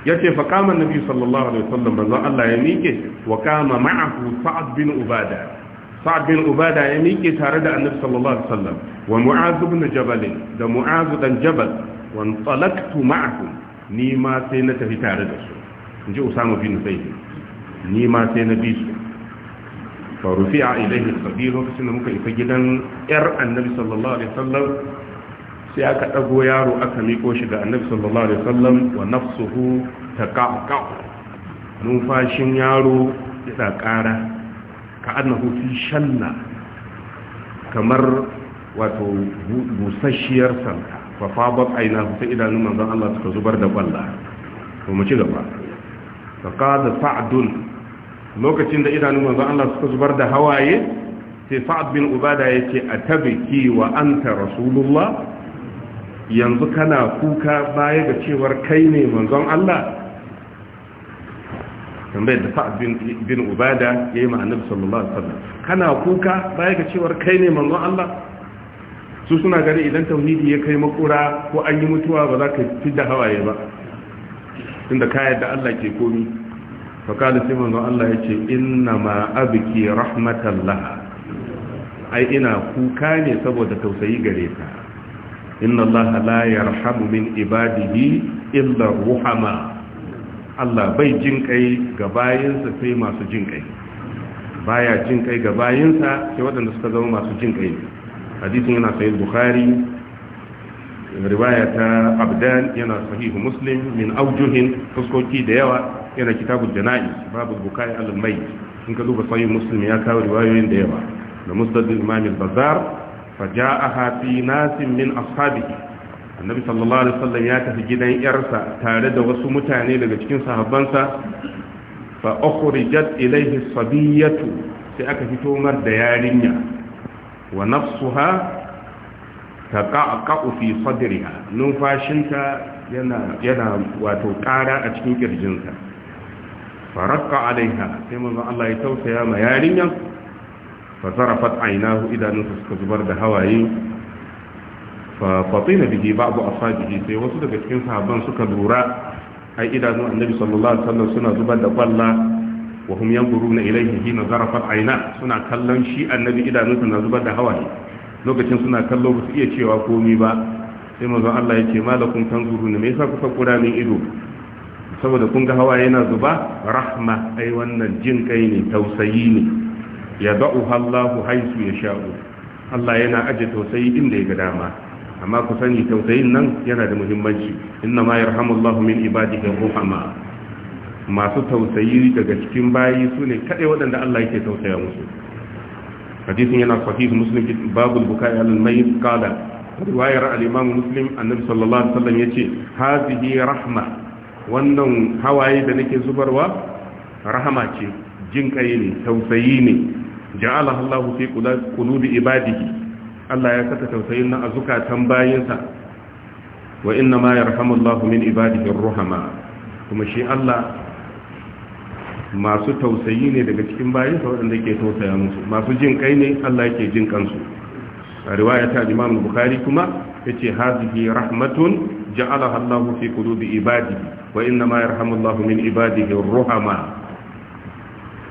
yace fa kama annabi sallallahu alaihi wasallam manzon Allah ya mike wa kama ma'ahu sa'ad bin ubada sa'ad bin ubada ya mike tare da annabi sallallahu alaihi wasallam wa mu'az bin jabal da mu'az dan jabal wan talaktu ma'akum ni ma sai na tafi tare da su in ji usama bin zaid ni ma sai na bi su fa rufi'a ilayhi sabir lokacin da muka isa gidan yar annabi sallallahu alaihi wasallam sai aka dago yaro aka miko shi ga annabi sallallahu alaihi wasallam wa nafsuhu taqaqa numfashin yaro yana ƙara ka annahu fi shanna kamar wato busasshiyar sanka fa fadat aina fa idanun manzon Allah suka zubar da kwalla to mu ci gaba fa qada sa'dun lokacin da idanun manzon Allah suka zubar da hawaye sai sa'd bin ubada yace atabiki wa anta rasulullah yanzu kana kuka baya ga cewar kai ne manzon Allah tambayar da fa'ad bin ubada ya yi ma'anar sallallahu alaihi wasallam kana kuka baya ga cewar kai ne manzon Allah su suna gani idan tauhidi ya kai makura ko an yi mutuwa ba za ka fi da hawaye ba tunda ka yadda Allah ke komi fakali sai manzo Allah ya ce inna ma abiki rahmatallah ai ina kuka ne saboda tausayi gare ka inna Allah la yarhamu min ibadihi illa ruhama Allah bai jin kai ga bayinsa sai masu jin kai baya jin kai ga bayinsa sai waɗanda suka zama masu jin kai ne hadisin yana sahih bukhari riwaya ta abdan yana sahih muslim min aujuhin fuskoki da yawa yana kitabun jana'i babu bukai al mayyit in ka duba sahih muslim ya kawo riwayoyin da yawa da musnad imam al bazar faja'aha fi nasin min ashabihi annabi sallallahu alaihi wasallam ya tafi gidan yarsa tare da wasu mutane daga cikin sahabbansa fa ukhrijat ilayhi sabiyatu sai aka fito mar da yarinya wa nafsuha taqa'qa'u fi sadriha numfashinta yana yana wato ƙara a cikin kirjinta farakka alaiha sai manzo Allah ya tausaya ma yarinyan fa zarafat aynahu idanunsa suka zubar da hawaye fa fatina bihi ba'du ashabihi sai wasu daga cikin sahabban suka lura ai idanun annabi sallallahu alaihi wasallam suna zubar da kwalla wa hum yanzuruna ilayhi hina zarafat aina suna kallon shi annabi idanunsa na zubar da hawaye lokacin suna kallo ba su iya cewa komi ba sai manzon Allah ya ce malakum tanzuruna me yasa kuka kura min ido saboda kun ga hawaye yana zuba rahma ai wannan jin kai ne tausayi ne ya da'uha Allahu haisu ya sha'u Allah yana aje tausayi inda ya ga dama amma ku sani tausayin nan yana da muhimmanci inna ma yarhamullahu min ibadihi rahama masu tausayi daga cikin bayi su ne kaɗai waɗanda Allah yake tausaya musu hadisin yana sahih muslim babul bukai alal mayyit qala riwayar al-imam muslim annabi sallallahu alaihi wasallam yace hazihi rahma wannan hawaye da nake zubarwa rahama ce jin kai ne tausayi ne ja'ala Allah fi qulubi ibadihi Allah ya saka tausayin nan a zukatan bayinsa wa inna ma yarhamu Allah min ibadihi ar-rahama kuma shi Allah masu tausayi ne daga cikin bayin sa waɗanda ke tausaya musu masu jin kai ne Allah yake jin kansu a riwaya ta Imam Bukhari kuma yace hadhihi rahmatun ja'alaha Allah fi qulubi ibadi wa inna ma yarhamu Allah min ibadihi ar-ruhama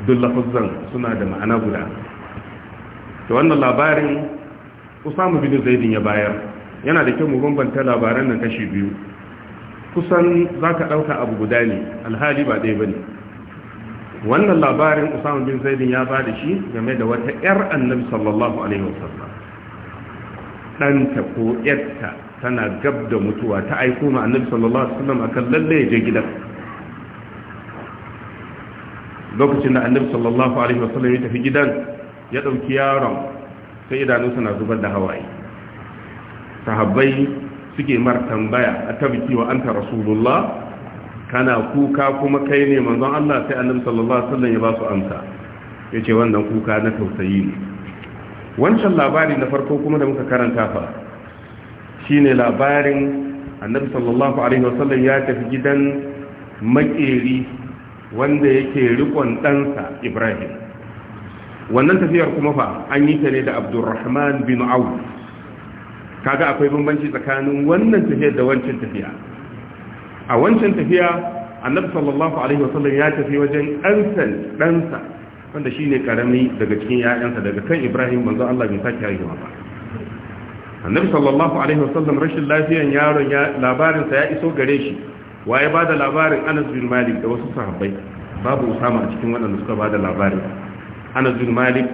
duk lafazan suna da ma'ana guda to wannan labarin Usama bin Zaidin ya bayar yana da kyau mu bambanta labaran nan kashi biyu kusan zaka ka abu guda ne alhali ba ɗaya bane wannan labarin usama bin zaidin ya da shi game da wata yar annabi sallallahu alaihi wasallam ɗanta ko yarta tana gab da mutuwa ta aiko ma annabi sallallahu alaihi wasallam akan lalle ya je gidan lokacin da annabi sallallahu alaihi wasallam ya tafi gidan ya ɗauki yaron sai idanunsa na zubar da hawaye sahabbai suke mar tambaya a tabbaki wa anta rasulullah kana kuka kuma kai ne manzon Allah sai annabi sallallahu alaihi wasallam ya ba su amsa yace wannan kuka na tausayi ne wancan labari na farko kuma da muka karanta fa shine labarin annabi sallallahu alaihi wasallam ya tafi gidan makeri wanda yake rikon ɗansa Ibrahim wannan tafiyar kuma fa an yi ta ne da Abdurrahman bin Auf kaga akwai bambanci tsakanin wannan tafiyar da wancan tafiya a wancan tafiya annabi sallallahu alaihi wasallam ya tafi wajen ɗansan ɗansa wanda shi ne ƙarami daga cikin ‘ya'yansa daga kan ibrahim manzo Allah bin sake haihuwa ba annabi sallallahu alaihi wasallam rashin lafiyan yaron ya labarinsa ya iso gare shi waye ba da labarin anas bin malik da wasu sahabbai babu usama a cikin waɗanda suka ba da labarin anas bin malik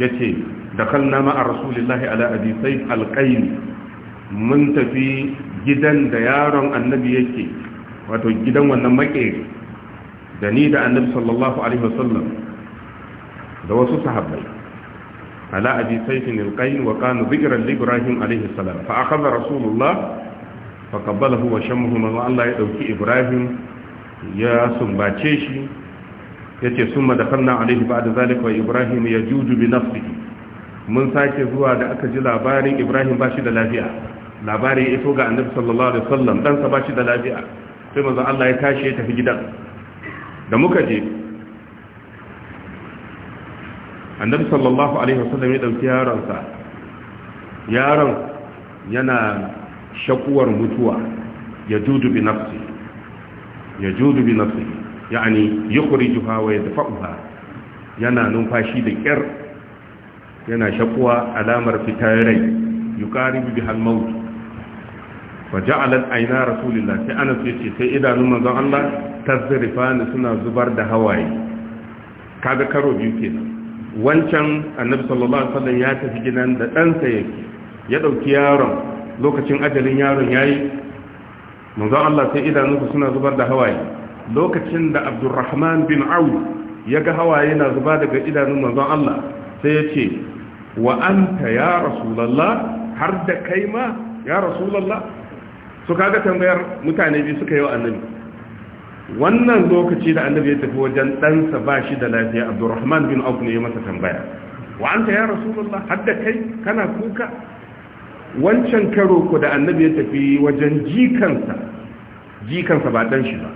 ya ce da nama ma'a rasulillahi ala abi sai alƙaini mun tafi gidan da yaron annabi yake wato gidan wannan makeri da ni da annabi sallallahu alaihi wasallam da wasu sahabbai ala abi sayfin alqain wa kana dhikran ibrahim alaihi salam fa akhadha rasulullah fa qabbalahu wa shammahu wa Allah ya dauki ibrahim ya sumbace shi yace summa dakanna alaihi ba'da zalika wa ibrahim yajuju bi nafsihi mun sake zuwa da aka ji labarin ibrahim bashi da lafiya labari ya iso ga annabi sallallahu alaihi wasallam dan sa bashi da lafiya sai manzon Allah ya tashi ya tafi gidan da muka je annabi sallallahu alaihi wasallam ya dauki yaron sa yaron yana shakuwar mutuwa ya judu bi nafsi ya judu bi nafsi yani yukhrijuha wa yadfa'uha yana numfashi da kyar yana shakuwa alamar fitarai rai yukaribu bihal maut wa ja'alat ayna rasulillah sai anas yace sai idanun manzon Allah tazrifani suna zubar da hawaye kaga karo biyu kenan wancan annabi sallallahu alaihi wasallam ya tafi gidan da ɗansa yake ya dauki yaron lokacin ajalin yaron yayi manzon Allah sai idanunsa suna zubar da hawaye lokacin da Abdurrahman bin Auf ya ga hawaye na zuba daga idanun manzon Allah sai ya ce wa anta ya rasulullah har da kai ma ya rasulullah su kaga tambayar mutane biyu suka yi wa annabi wannan lokaci da annabi ya tafi wajen ɗansa ba shi da lafiya abdurrahman bin auf ne ya masa tambaya wa an ta ya rasulullah hadda kai kana kuka wancan karo ko da annabi ya tafi wajen jikansa jikansa ba dan shi ba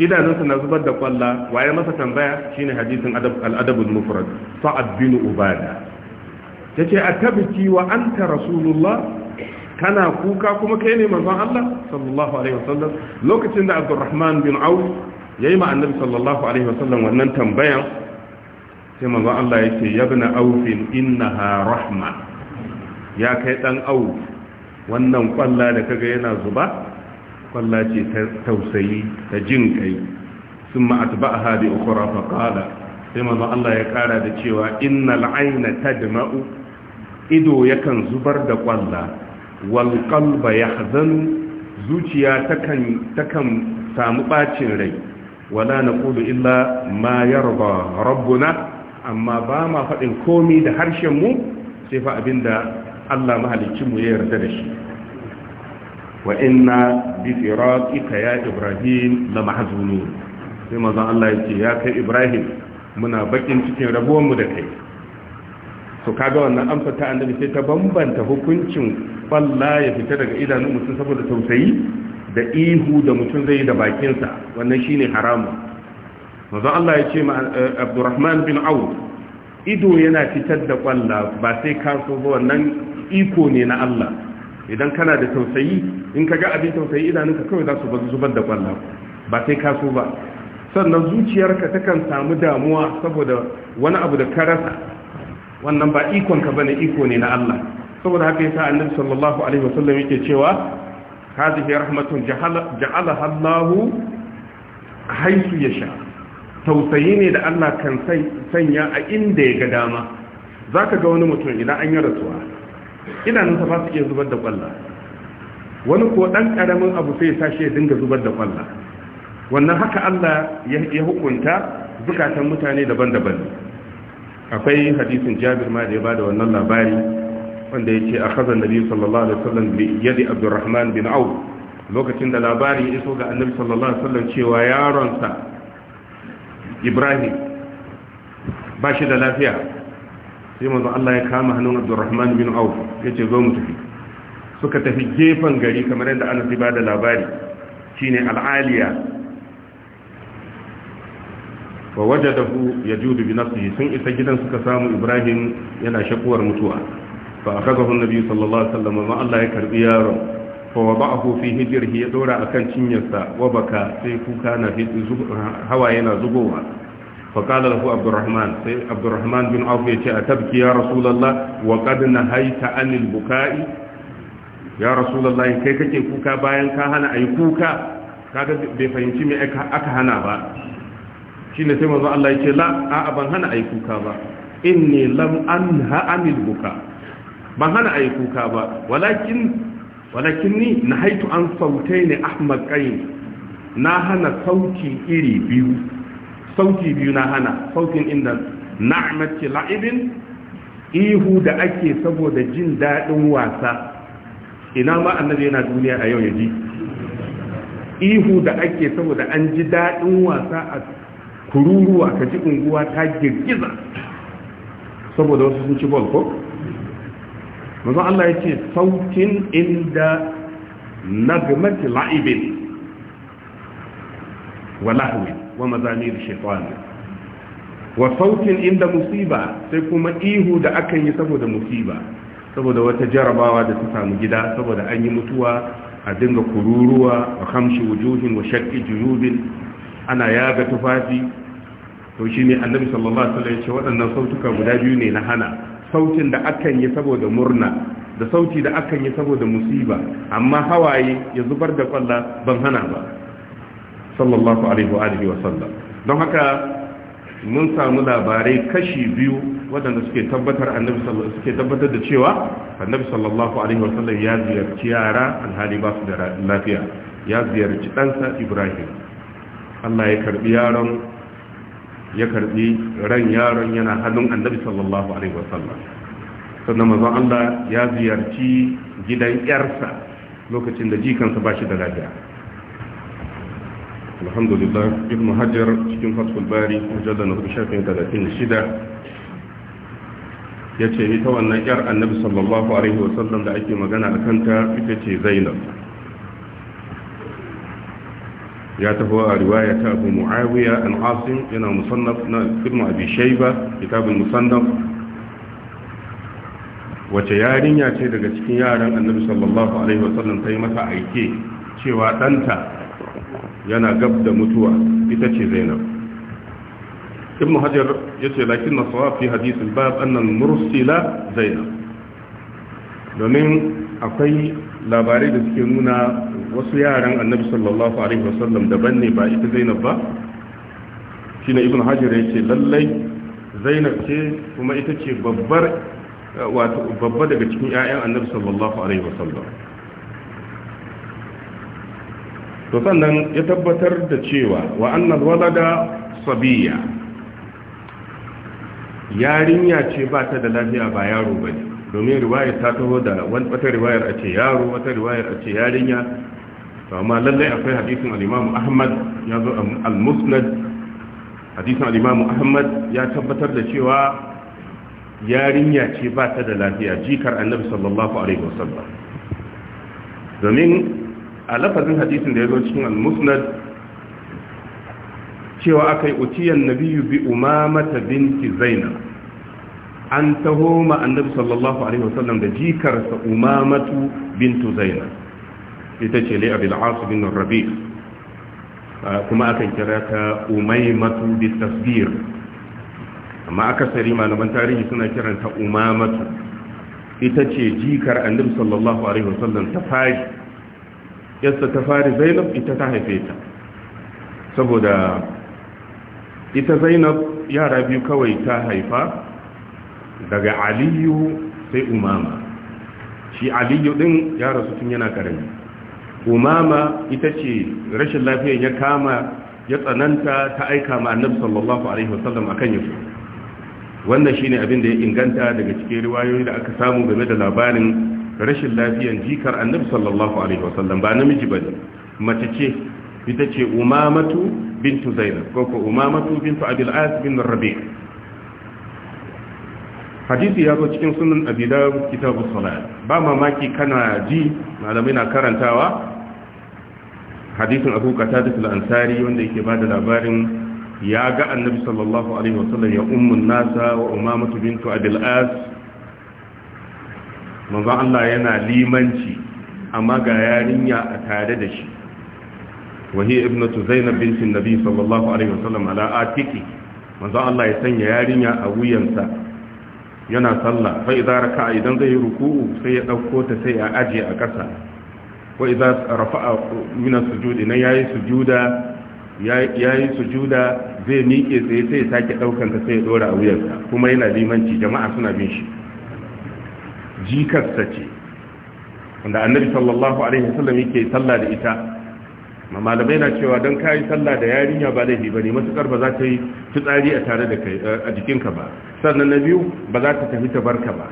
idanunsa na zubar da kwalla ya masa tambaya shine hadisin al mufrad sa'ad bin ubada yace a wa wa'anta rasulullah kana kuka kuma kai ne manzon Allah sallallahu alaihi wasallam lokacin da Abdurrahman bin Auf yayi ma annabi sallallahu alaihi wasallam wannan tambayan sai manzon Allah yake yabna auf innaha rahma ya kai dan au wannan kwalla da kaga yana zuba kwalla ce ta tausayi ta jin kai summa atba'aha bi ukhra fa qala sai manzon Allah ya kara da cewa innal ayna tadma'u ido yakan zubar da kwalla walƙalba ya hazanu zuciya takan samu ɓacin rai wala na ƙudu illa ma yarba rabbuna amma ba ma faɗin komi da harshenmu sai fa abinda Allah mahalicinmu ya yarda da shi wa inna bi firaqika ya ibrahim la mahzunun sai manzon Allah yake ya kai ibrahim muna bakin cikin rabuwanmu da kai to kaga wannan amsa ta annabi sai ta bambanta hukuncin balla ya fita daga idanun mutum saboda tausayi da ihu da mutum zai yi da bakinsa wannan shine haramu manzo Allah ya ce ma eh, Abdurrahman bin Auf ido yana fitar da kwalla ba sai ka so ba wannan iko ne na Allah idan kana da tausayi in kaga abin tausayi idanunka kawai za su zubar da kwalla ba sai ka so ba sannan zuciyarka takan samu damuwa saboda wani abu da ka rasa wannan ba ikon ka bane iko ne na Allah saboda haka yasa annabi sallallahu alaihi wasallam yake cewa hadhihi rahmatun ja'alaha Allah ya yasha tausayi ne da Allah kan sanya a inda ya ga dama zaka ga wani mutum idan an yi rasuwa idanunsa ba su iya zubar da kwalla wani ko dan karamin abu sai ya shi ya dinga zubar da kwalla wannan haka Allah ya hukunta zukatan mutane daban-daban akwai hadisin jabir ma da ya bada wannan labari wanda ya ce a kazan nabi sallallahu alaihi wasallam bi yadi abdurrahman bin auf lokacin da labari ya iso ga annabi sallallahu alaihi wasallam cewa yaronsa ibrahim ba shi da lafiya sai manzo Allah ya kama hannun abdurrahman bin auf ya ce zo mu tafi suka tafi gefen gari kamar yadda ana ba da labari shine al'aliya fa wajadahu yajudu bi nafsihi sun isa gidan suka samu Ibrahim yana shakuwar mutuwa fa akhadahu an-nabi sallallahu alaihi wasallam ma Allah ya karbi yaron fa wada'ahu fi hijrihi ya dora akan cinyarsa wa baka sai kuka na hawa yana zubowa فقال له عبد الرحمن سي عبد الرحمن بن عوف يتي أتبكي يا رسول الله وقد نهيت عن البكاء يا رسول الله كي كي كوكا باين كهنا أي kuka kaga bai fahimci me aka hana ba shine sai manzon Allah yake la a ban hana aikuka kuka ba inni lam anha anil buka ban hana aikuka kuka ba walakin walakinni nahaitu an sautaini ahmad qayn na hana sauti iri biyu sauti biyu na hana sautin inda na'mati la'ibin ihu da ake saboda jin dadin wasa ina ma annabi yana duniya a yau ya ji ihu da ake saboda an ji dadin wasa a kururuwa ka ji unguwa ta girgiza saboda wasu sun ci bol ko manzo Allah ya ce sautin inda nagmati la'ibin wa lahwi wa mazamir shaitan wa sautin inda musiba sai kuma ihu da akan yi saboda musiba saboda wata jarabawa da ta samu gida saboda an yi mutuwa a dinga kururuwa wa kamshi wujuhin wa shakki juyubin ana yaga tufafi to shi ne annabi sallallahu alaihi wasallam ya ce waɗannan sautuka guda biyu ne na hana sautin da akan yi saboda murna da sauti da akan yi saboda musiba amma hawaye ya zubar da kwalla ban hana ba sallallahu alaihi wa sallam. don haka mun samu labarai kashi biyu waɗanda suke tabbatar annabi sallallahu alaihi suke tabbatar da cewa annabi sallallahu alaihi wa sallam ya ziyarci yara alhali ba su da lafiya ya ziyarci ɗansa ibrahim Allah ya karbi yaron ya karbi ran yaron yana hannun annabi sallallahu alaihi wasallam sannan manzon Allah ya ziyarci gidan yarsa lokacin da jikansa ba shi da lafiya alhamdulillah ibnu hajar cikin fatul bari mujallal na shafin 36 yace ta wannan yar annabi sallallahu alaihi wasallam da ake magana akan ta ita ce zainab ya tafi a riwaya ta abu mu'awiya an yana musannaf na ibn abi shayba kitabul musannaf wace yarinya ce daga cikin yaran annabi sallallahu alaihi wasallam ta yi mata aike cewa ɗanta yana gab da mutuwa ita ce zainab ibn hajar ya ce lakin nasawa fi hadisun bab annan mursila zainab domin akwai labarai da suke nuna wasu yaran annabi sallallahu alaihi wasallam daban ne ba ita zainab ba shine ibn hajar ya ce lallai zainab ce kuma ita ce babbar wato babba daga cikin ƴaƴan annabi sallallahu alaihi wasallam to sannan ya tabbatar da cewa wa annal walada sabiya yarinya ce ba ta da lafiya ba yaro bane domin riwayar ta taho da wata riwayar a ce yaro wata riwayar a ce yarinya to amma lallai akwai hadisin al-Imam Ahmad ya zo al-Musnad hadisin al-Imam Ahmad ya tabbatar da cewa yarinya ce ba ta da lafiya jikar Annabi sallallahu alaihi wasallam domin a lafazin hadisin da ya zo cikin al-Musnad cewa akai utiyan nabiyyu bi umamata binti Zainab an taho ma annabi sallallahu alaihi wasallam da jikarsa umamatu bintu zainab ita ce li abil asu bin rabi kuma akan kira ta umaymatu bi amma akasari malaman tarihi suna kiranta umamatu ita ce jikar annabi sallallahu alaihi wasallam ta fari yadda ta fari zainab ita ta haife ta saboda ita zainab yara biyu kawai ta haifa daga aliyu sai umama shi aliyu din ya rasu tun yana karami umama ita ce rashin lafiyar ya kama ya tsananta ta aika ma annabi sallallahu alaihi wasallam akan yaso wannan shine abin da ya inganta daga cikin riwayoyi da aka samu game da labarin rashin lafiyar jikar annabi sallallahu alaihi wasallam ba namiji bane mace ce ita ce umamatu bintu zainab ko ko umamatu bintu abil as bin rabi' hadisi ya zo cikin sunan Abida kitabu salat ba mamaki kana ji malamai na karantawa hadithin, abu qatada fil ansari wanda yake da labarin ya ga annabi sallallahu alaihi wasallam ya ummun nasa wa umamatu bintu abil as manzo Allah yana limanci amma ga yarinya a tare da shi وهي ابنة زينب بنت النبي صلى الله عليه وسلم على آتكي manzo Allah ya sanya yarinya a wuyansa yana sallah fa idza raka'a idan zai ruku. sai ya dauko ta sai ya aje a ƙasa wa idza rafa'a min as-sujudi na yayi sujuda yayi sujuda zai miƙe tsaye sai ya sake daukan ta sai ya dora a wuyarsa kuma yana limanci jama'a suna bin shi jikarsa ce wanda annabi sallallahu alaihi wasallam yake sallah da ita amma malamai na cewa dan kai sallah da yarinya ba laifi bane matukar ba za ta yi fitsari a tare da kai a jikinka ba sannan na biyu ba za ta tafi ta barka ba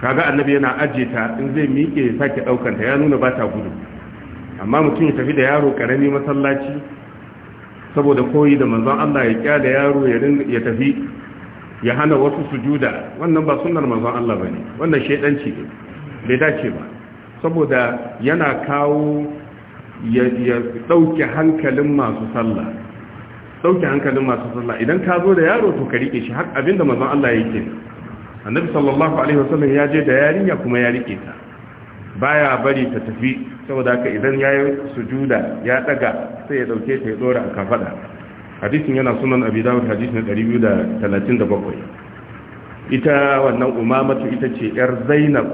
kaga annabi yana ajiye ta in zai miƙe sake ɗaukanta ya nuna ba ta gudu amma mutum ya tafi da yaro ƙarami masallaci saboda koyi da manzon Allah ya kyale yaro ya tafi ya hana wasu sujuda wannan ba sunnar manzon Allah bane wannan shedanci ne bai dace ba saboda yana kawo ya dauke hankalin masu sallah dauke hankalin masu sallah idan ka zo da yaro to ka rike shi har abinda manzon Allah yake annabi sallallahu alaihi wasallam ya je da yarinya kuma ya rike ta baya bari ta tafi saboda haka idan yayi sujuda ya daga sai ya dauke ta ya dora a kafada hadisin yana sunan abi dawud hadisin 237 ita wannan umamatu ita ce yar zainab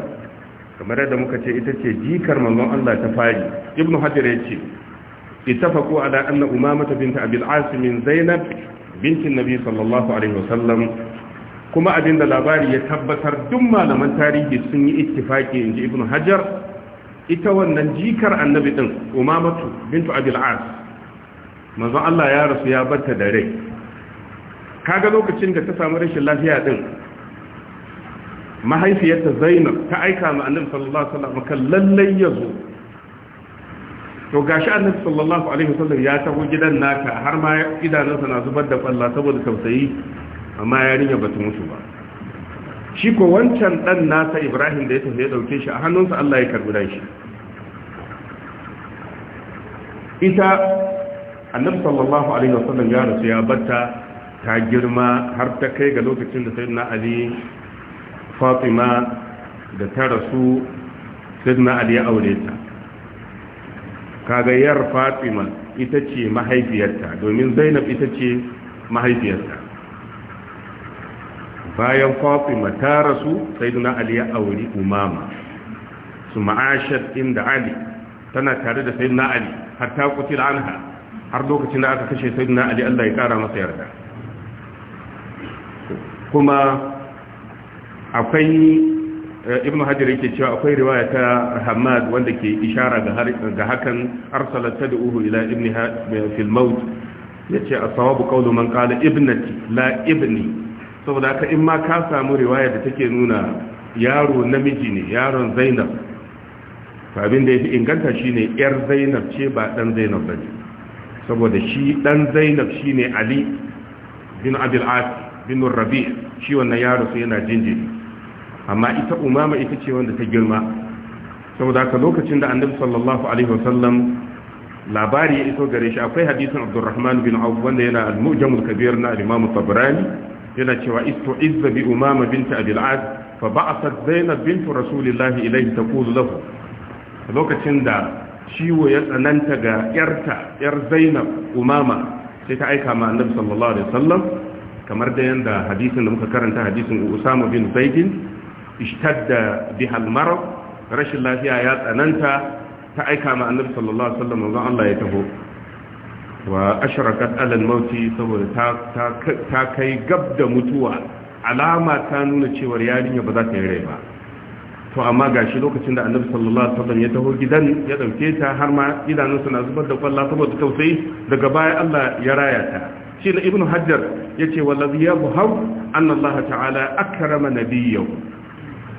kamar yadda muka ce ita ce jikar manzon Allah ta fari ibnu hajar ya ce ittafaqu ala anna umamatu bint abil asim zainab bint an-nabi sallallahu alaihi wasallam kuma abin da labari ya tabbatar duk malaman tarihi sun yi ittifaki inji ibn hajar ita wannan jikar annabi din umamatu bintu abil as manzo Allah ya rasu ya barta da rai kaga lokacin da ta samu rashin lafiya din mahaifiyarta Zainab ta aika ma annabi sallallahu alaihi wasallam kan lallai yazo to gashi annabi sallallahu alaihi wasallam ya taho gidan naka har ma idanunsa na zubar da kwalla saboda tausayi amma yarinya ba ta mutu ba shi ko wancan dan nasa ibrahim da ya tafi ya dauke shi a hannunsa allah ya karbi dan shi ita annabi sallallahu alaihi wasallam ya rasu ya batta ta girma har ta kai ga lokacin da sayyidina ali fatima da ta rasu sayyidina ali ya aure ta kaga yar fatima ita ce mahaifiyarta domin zainab ita ce mahaifiyarta bayan fatima ta rasu sayyidina ali ya auri umama su ma'ashar inda ali tana tare da sayyidina ali har ta kutila anha har lokacin da aka kashe sayyidina ali Allah ya kara masa yarda kuma akwai eh, ibnu hajar yake cewa akwai riwaya ta hamad wanda ke ishara ga hakan arsalat tad'uhu ila ibniha fil maut yace a sawabu qawlu man ibnati la ibni saboda haka in ma ka samu riwaya da take nuna yaro namiji ne yaron zainab abin da ya fi inganta ne yar zainab ce ba dan zainab ba saboda shi dan zainab ne ali bin abil bin rabi shi wannan yaro su yana jinjiri amma ita umama ita ce wanda ta girma saboda aka lokacin da annabi sallallahu alaihi wasallam labari ya iso gare shi akwai hadisin abdurrahman bin auf wanda yana al-mu'jamul kabir na al-imam tabrani yana cewa istu'izza bi umama binta abil az fa ba'athat zainab bint rasulillah ilayhi taqulu lahu lokacin da ciwo ya tsananta ga yarta yar zainab umama sai ta aika ma annabi sallallahu alaihi wasallam kamar da yanda hadisin da muka karanta hadisin usama bin zaid ishtadda biha al-marad rashin lafiya ya tsananta ta aika ma annabi sallallahu alaihi wasallam manzon Allah ya taho wa ashrakat alal mauti saboda ta kai gab da mutuwa alama ta nuna cewar yarinya ba za ta yi rai ba to amma gashi lokacin da annabi sallallahu alaihi wasallam ya taho gidan ya dauke ta har ma idanunsa na zubar da kwalla saboda tausayi daga baya Allah ya raya ta shi na ibnu hajjar yace wallazi ya buhau anna Allah ta'ala akrama nabiyyu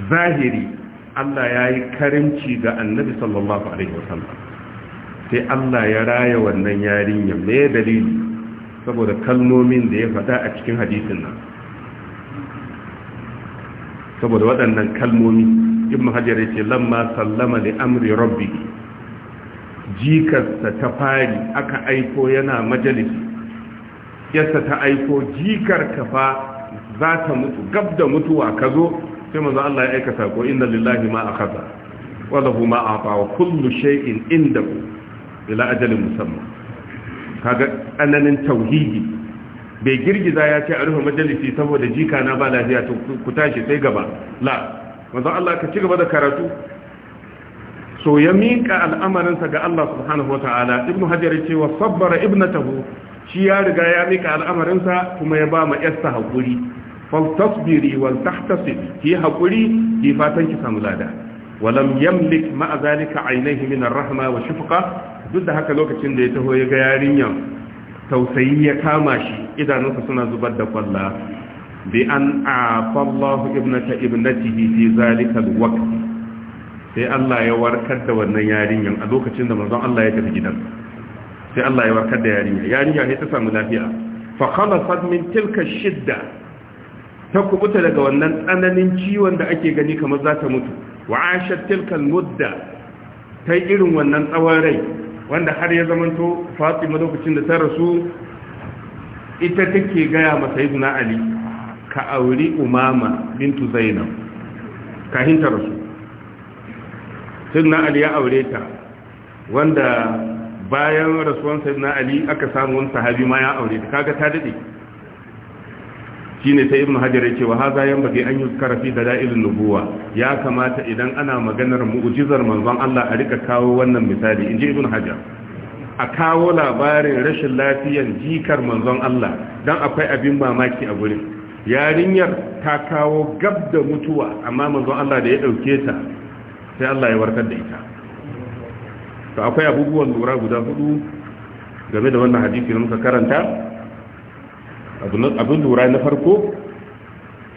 zahiri Allah yayi karimci ga annabi sallallahu alaihi wasallam sai Allah ya raya wannan yarinya me dalili saboda kalmomin da ya fada a cikin hadisin nan saboda waɗannan kalmomi ibn hajar ya ce lamma sallama li amri rabbi jikarsa ta fari aka aiko yana majalisi yasa ta aiko jikar ka fa za ta mutu gab da mutuwa ka zo sai manzo Allah ya aika sako inna lillahi ma akhadha wa lahu ma ata wa kullu shay'in indahu ila ajalin musamman kaga tsananin tauhidi bai girgiza ya ce a rufe majalisi saboda jika na ba lafiya to ku tashi sai gaba la manzon Allah ka ci gaba da karatu so ya miƙa al'amarinsa ga Allah subhanahu wata'ala ibnu hajar cewa wa sabbara ibnatahu shi ya riga ya miƙa al'amarinsa kuma ya ba ma yasta haƙuri faltasbiri wal tahtasib ki haƙuri ki fatan ki samu lada walam yamlik ma'azalika zalika ainihi min ar-rahma wa shifqa duk da haka lokacin da ya taho ya ga yarinyar tausayi ya kama shi idanunsa suna zubar da kwalla bi an afallahu ibnata ibnatihi fi zalika alwaqt sai Allah ya warkar da wannan yarinyar a lokacin da manzon Allah ya tafi gidan sai Allah ya warkar da yarinyar yarinyar sai ta samu lafiya fa khalasat min tilka shidda ta kubuta daga wannan tsananin ciwon da ake gani kamar za ta mutu wa ashat tilka almudda ta irin wannan tsawon rai wanda har ya zamanto fatima lokacin da ta rasu ita take gaya masa ibn ali ka auri umama bintu zainab kahin ta rasu sayyidina ali ya aure ta wanda bayan rasuwan sayyidina ali aka samu wani sahabi ma ya aure ta kaga ta dade shine sai ibnu hajar yake wa haza yan bage an yuzkara fi dalailin nubuwa ya kamata idan ana maganar mu'jizar manzon Allah a rika kawo wannan misali inji ibnu hajar a kawo labarin rashin lafiyar jikar manzon Allah dan akwai abin mamaki a gurin yarinyar ta kawo gab da mutuwa amma manzon Allah da ya dauke ta sai Allah ya warkar da ita to akwai abubuwan lura guda hudu game da wannan hadisi da muka karanta abin lura na farko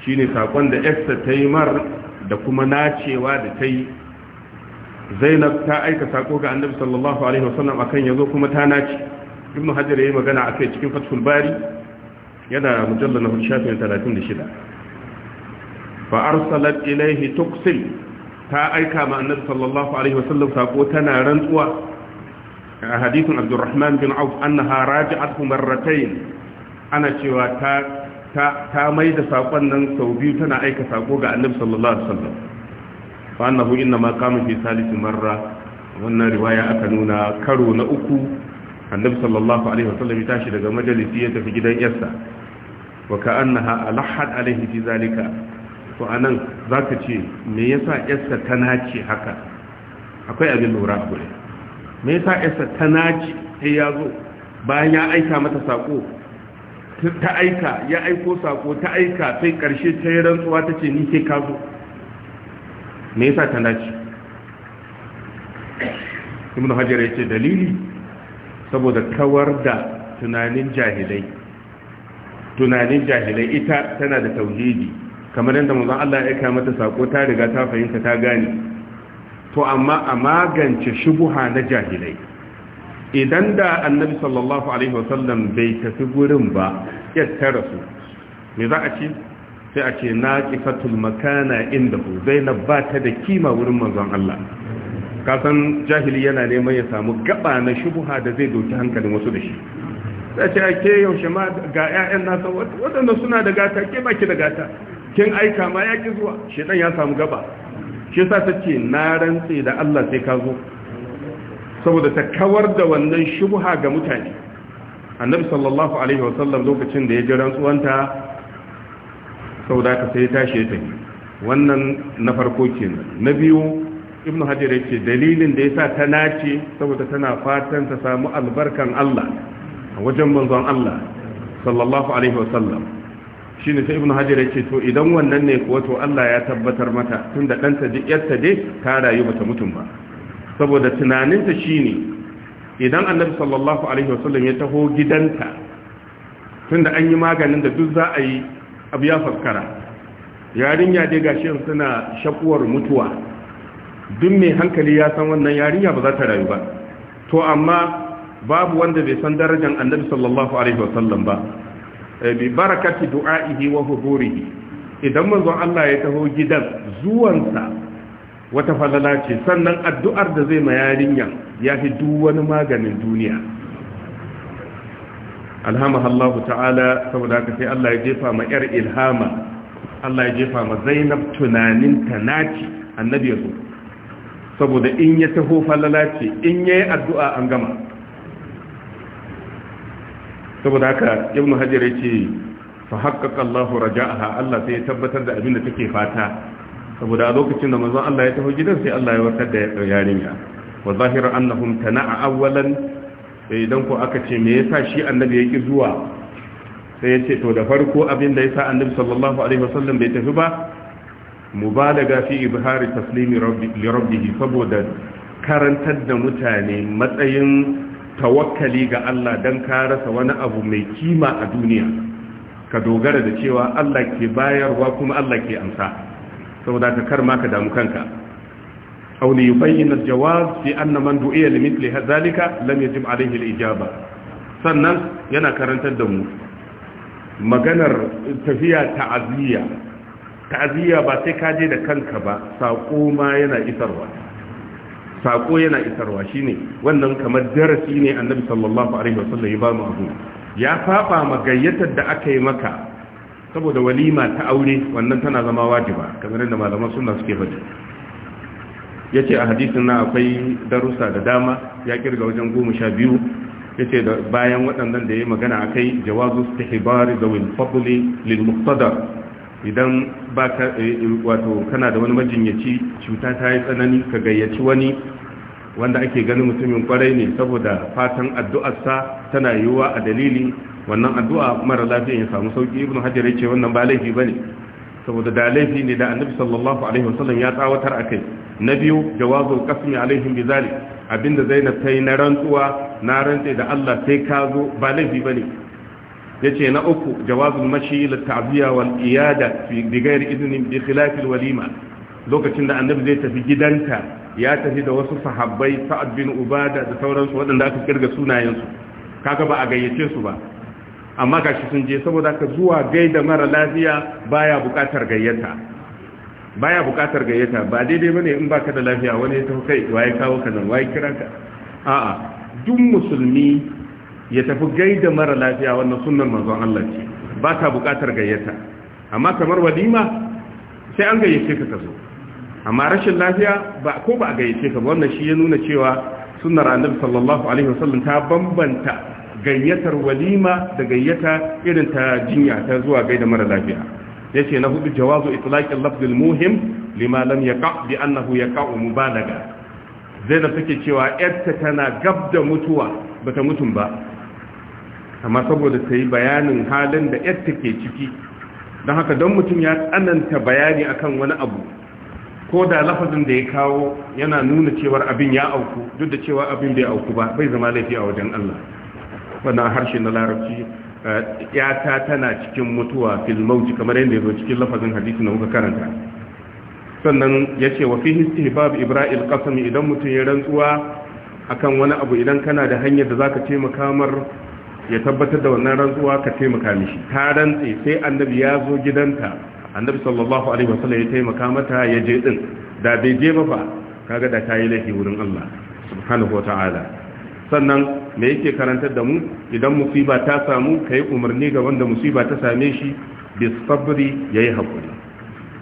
shine sakon da extra ta yi mar da kuma nacewa da ta yi zainab ta aika sako ga annabi sallallahu alaihi wasallam akan yazo kuma ta nace ibnu hajar yayi magana akai cikin fathul bari yana mujallal na shafin 36 fa arsalat ilaihi tuqsim ta aika ma annabi sallallahu alaihi wasallam sako tana rantsuwa a hadithin abdurrahman bin auf annaha raja'at marratayn ana cewa ta ta ta mai da sakon nan sau biyu tana aika sako ga annabi sallallahu alaihi wasallam fa annahu inna ma qama fi salisi marra wannan riwaya aka nuna karo na uku annabi sallallahu alaihi wasallam ya tashi daga majalisi ya tafi gidan yarsa wa annaha alahad alaihi fi zalika to anan zaka ce me yasa yarsa ta nace haka akwai abin lura a gure me yasa yarsa ta nace sai ya zo bayan ya aika mata sako ta aika ya aiko sako ta aika sai karshe ta yi rantsuwa ta ce ni ke kazo me yasa ta nace ibn hajar ya ce dalili saboda kawar da tunanin jahilai tunanin jahilai ita tana da tauhidi kamar yadda manzon Allah ya aika mata sako ta riga ta fahimta ta gane to amma a magance shubuha na jahilai idan da annabi sallallahu alaihi wasallam bai tafi gurin ba ya tara su me za a ce sai a ce na kifatul makana indahu zainab ba ta da kima wurin manzon Allah kasan jahili yana neman ya samu gaba na shubuha da zai doki hankalin wasu da shi sai ce ake yaushe ma ga ƴaƴan nasa waɗanda suna da gata ke baki da gata kin aika ma ya ki zuwa shedan ya samu gaba shi yasa ce na rantse da Allah sai ka zo saboda ta kawar da wannan shubha ga mutane annabi sallallahu alaihi wasallam lokacin da ya ji rantsuwanta saboda ka sai tashi ya tafi wannan na farko kenan na biyu ibn hajar yake dalilin da yasa ta nace saboda tana fatan ta samu albarkan Allah a wajen manzon Allah sallallahu alaihi wasallam shine sai ibn hajar yake to idan wannan ne kuwa to Allah ya tabbatar mata tunda danta yarta dai ta rayu bata mutum ba saboda tunaninta shine idan annabi sallallahu alaihi wasallam ya taho gidanta tunda an yi maganin da duk za a yi abu ya faskara yarinya dai shi suna shakuwar mutuwa duk mai hankali ya san wannan yarinya ba za ta rayu ba to amma babu wanda bai san darajar annabi sallallahu alaihi wasallam ba eh, bi barakati du'a'ihi wa hudurihi idan manzon Allah ya taho gidan zuwansa wata falala ce sannan addu'ar da zai ma yarinya ya fi duk wani maganin duniya alhamahallahu ta'ala saboda haka sai Allah ya jefa ma yar ilhama Allah ya jefa ma Zainab tunanin ta naci annabi ya so saboda in ya taho falala ce in yayi addu'a an gama saboda haka Ibn Hajar yace fa haqqaqa Allah Allah sai ya tabbatar da abin da take fata saboda a lokacin da manzon Allah ya taho gidan sai Allah ya warkar da yarinya wa zahiru annahum tana'a awwalan eh, idan ko aka ce me yasa shi annabi yake zuwa sai ya ce to da farko abin da yasa annabi sallallahu alaihi wasallam bai tafi ba mubalaga fi ibhari taslimi rabbi li rabbihi saboda karantar da mutane matsayin tawakkali ga Allah dan ka rasa wani abu mai kima a duniya ka dogara da cewa Allah ke bayarwa kuma Allah ke amsa saboda ka kar ma ka damu kanka aw li yubayyin al-jawaz fi anna man du'iya li mithli hadhalika lam yajib alayhi al-ijaba sannan yana karantar da mu maganar tafiya ta'aziyya ta'aziyya ba sai ka je da kanka ba sako ma yana isarwa sako yana isarwa shine wannan kamar darasi ne annabi sallallahu alaihi wasallam ya ba mu abu ya faɓa magayyatar da aka yi maka saboda walima ta aure wannan tana zama wajiba kamar da malaman suna suke faɗi yace a hadisin na akwai darussa da dama ya kirga wajen goma biyu yace da bayan waɗannan da yayi magana akai jawazu istihbar da wil fadli lil muqtada idan baka eh, wato kana da wani majinyaci cuta ta yi tsanani ka gayyaci wani wanda ake ganin mutumin kwarai ne saboda fatan addu'arsa tana yiwuwa a dalili wannan addu'a mara lafiya ya samu sauki ibnu hajar yace wannan ba laifi bane saboda da laifi ne da annabi sallallahu alaihi wasallam ya tsawatar akai na biyu jawazul qasmi alaihim bizalik abinda zainab tayi na rantsuwa na rantse da Allah sai ka zo ba laifi bane yace na uku jawazul mashi lit ta'ziya wal iyada fi bighayr idnin bi khilaf walima lokacin da annabi zai tafi gidanta ya tafi da wasu sahabbai sa'ad bin ubada da sauransu waɗanda aka kirga sunayensu kaga ba a gayyace su ba amma gashi sun je saboda ka zuwa gaida mara lafiya baya bukatar gayyata baya bukatar gayyata ba daidai bane in baka da lafiya wani ya kai waye kawo ka nan waye kira ka a'a duk musulmi ya tafi gaida mara lafiya wannan sunnar manzon Allah ce ba ta bukatar gayyata amma kamar walima sai an gayyace ka ka zo amma rashin lafiya ba ko ba a gayyace ka wannan shi ya nuna cewa sunnar annabi sallallahu alaihi wasallam ta bambanta gayyatar walima da gayyata irin ta jinya ta zuwa gaida mara lafiya yace na hudu jawazu itlaqil lafzil muhim lima lam yaqa bi annahu yaqa mubalaga zainab take cewa yarta tana gab da mutuwa bata mutum ba amma saboda ta yi bayanin halin da yarta ke ciki don haka don mutum ya tsananta bayani akan wani abu ko da lafazin da ya kawo yana nuna cewar abin ya auku duk da cewa abin bai auku ba bai zama laifi a wajen Allah wannan harshe na larabci yata eh, tana cikin mutuwa fil mauti kamar yadda zo cikin lafazin hadisi na muka karanta sannan ya yace wa fihi istihbab ibra'il qasam idan mutun ya rantsuwa akan wani abu idan kana da hanyar da zaka ce makamar ya tabbatar da wannan rantsuwa ka taimaka mishi ta rantse sai annabi ya zo gidanta annabi sallallahu alaihi wasallam ya taimaka mata ya je din da bai je ba fa kaga da ta yi laifi wurin Allah subhanahu wataala sannan me yake karantar da mu idan musiba ta samu kai umarni ga wanda musiba ta same shi bi sabri yayi hakuri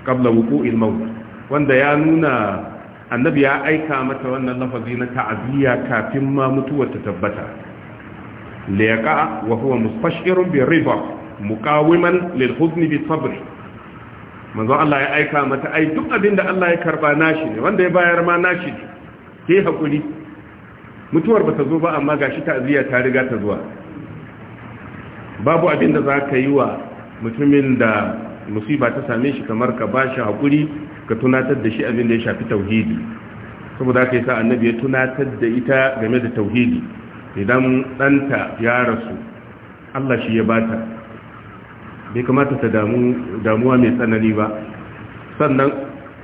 qabla wuqu'il maut wanda ya nuna annabi ya aika mata wannan lafazi na ta'aziyya kafin ma mutuwar ta tabbata liyaqa wa huwa mustashirun bi riba muqawiman lil huzni bi sabri manzo Allah ya aika mata ai duk abin da Allah ya karba nashi ne wanda ya bayar ma nashi ne ke hakuri mutuwar bata zo ba amma gashi ta'aziyya ta riga ta zuwa babu abin da za ka yi wa mutumin da musiba ta same shi kamar ka ba shi hakuri ka tunatar da shi abin da ya shafi tauhidi saboda haka yasa annabi ya tunatar da ita game da tauhidi idan ɗanta ya rasu Allah shi ya bata bai kamata ta damuwa mai tsanani ba sannan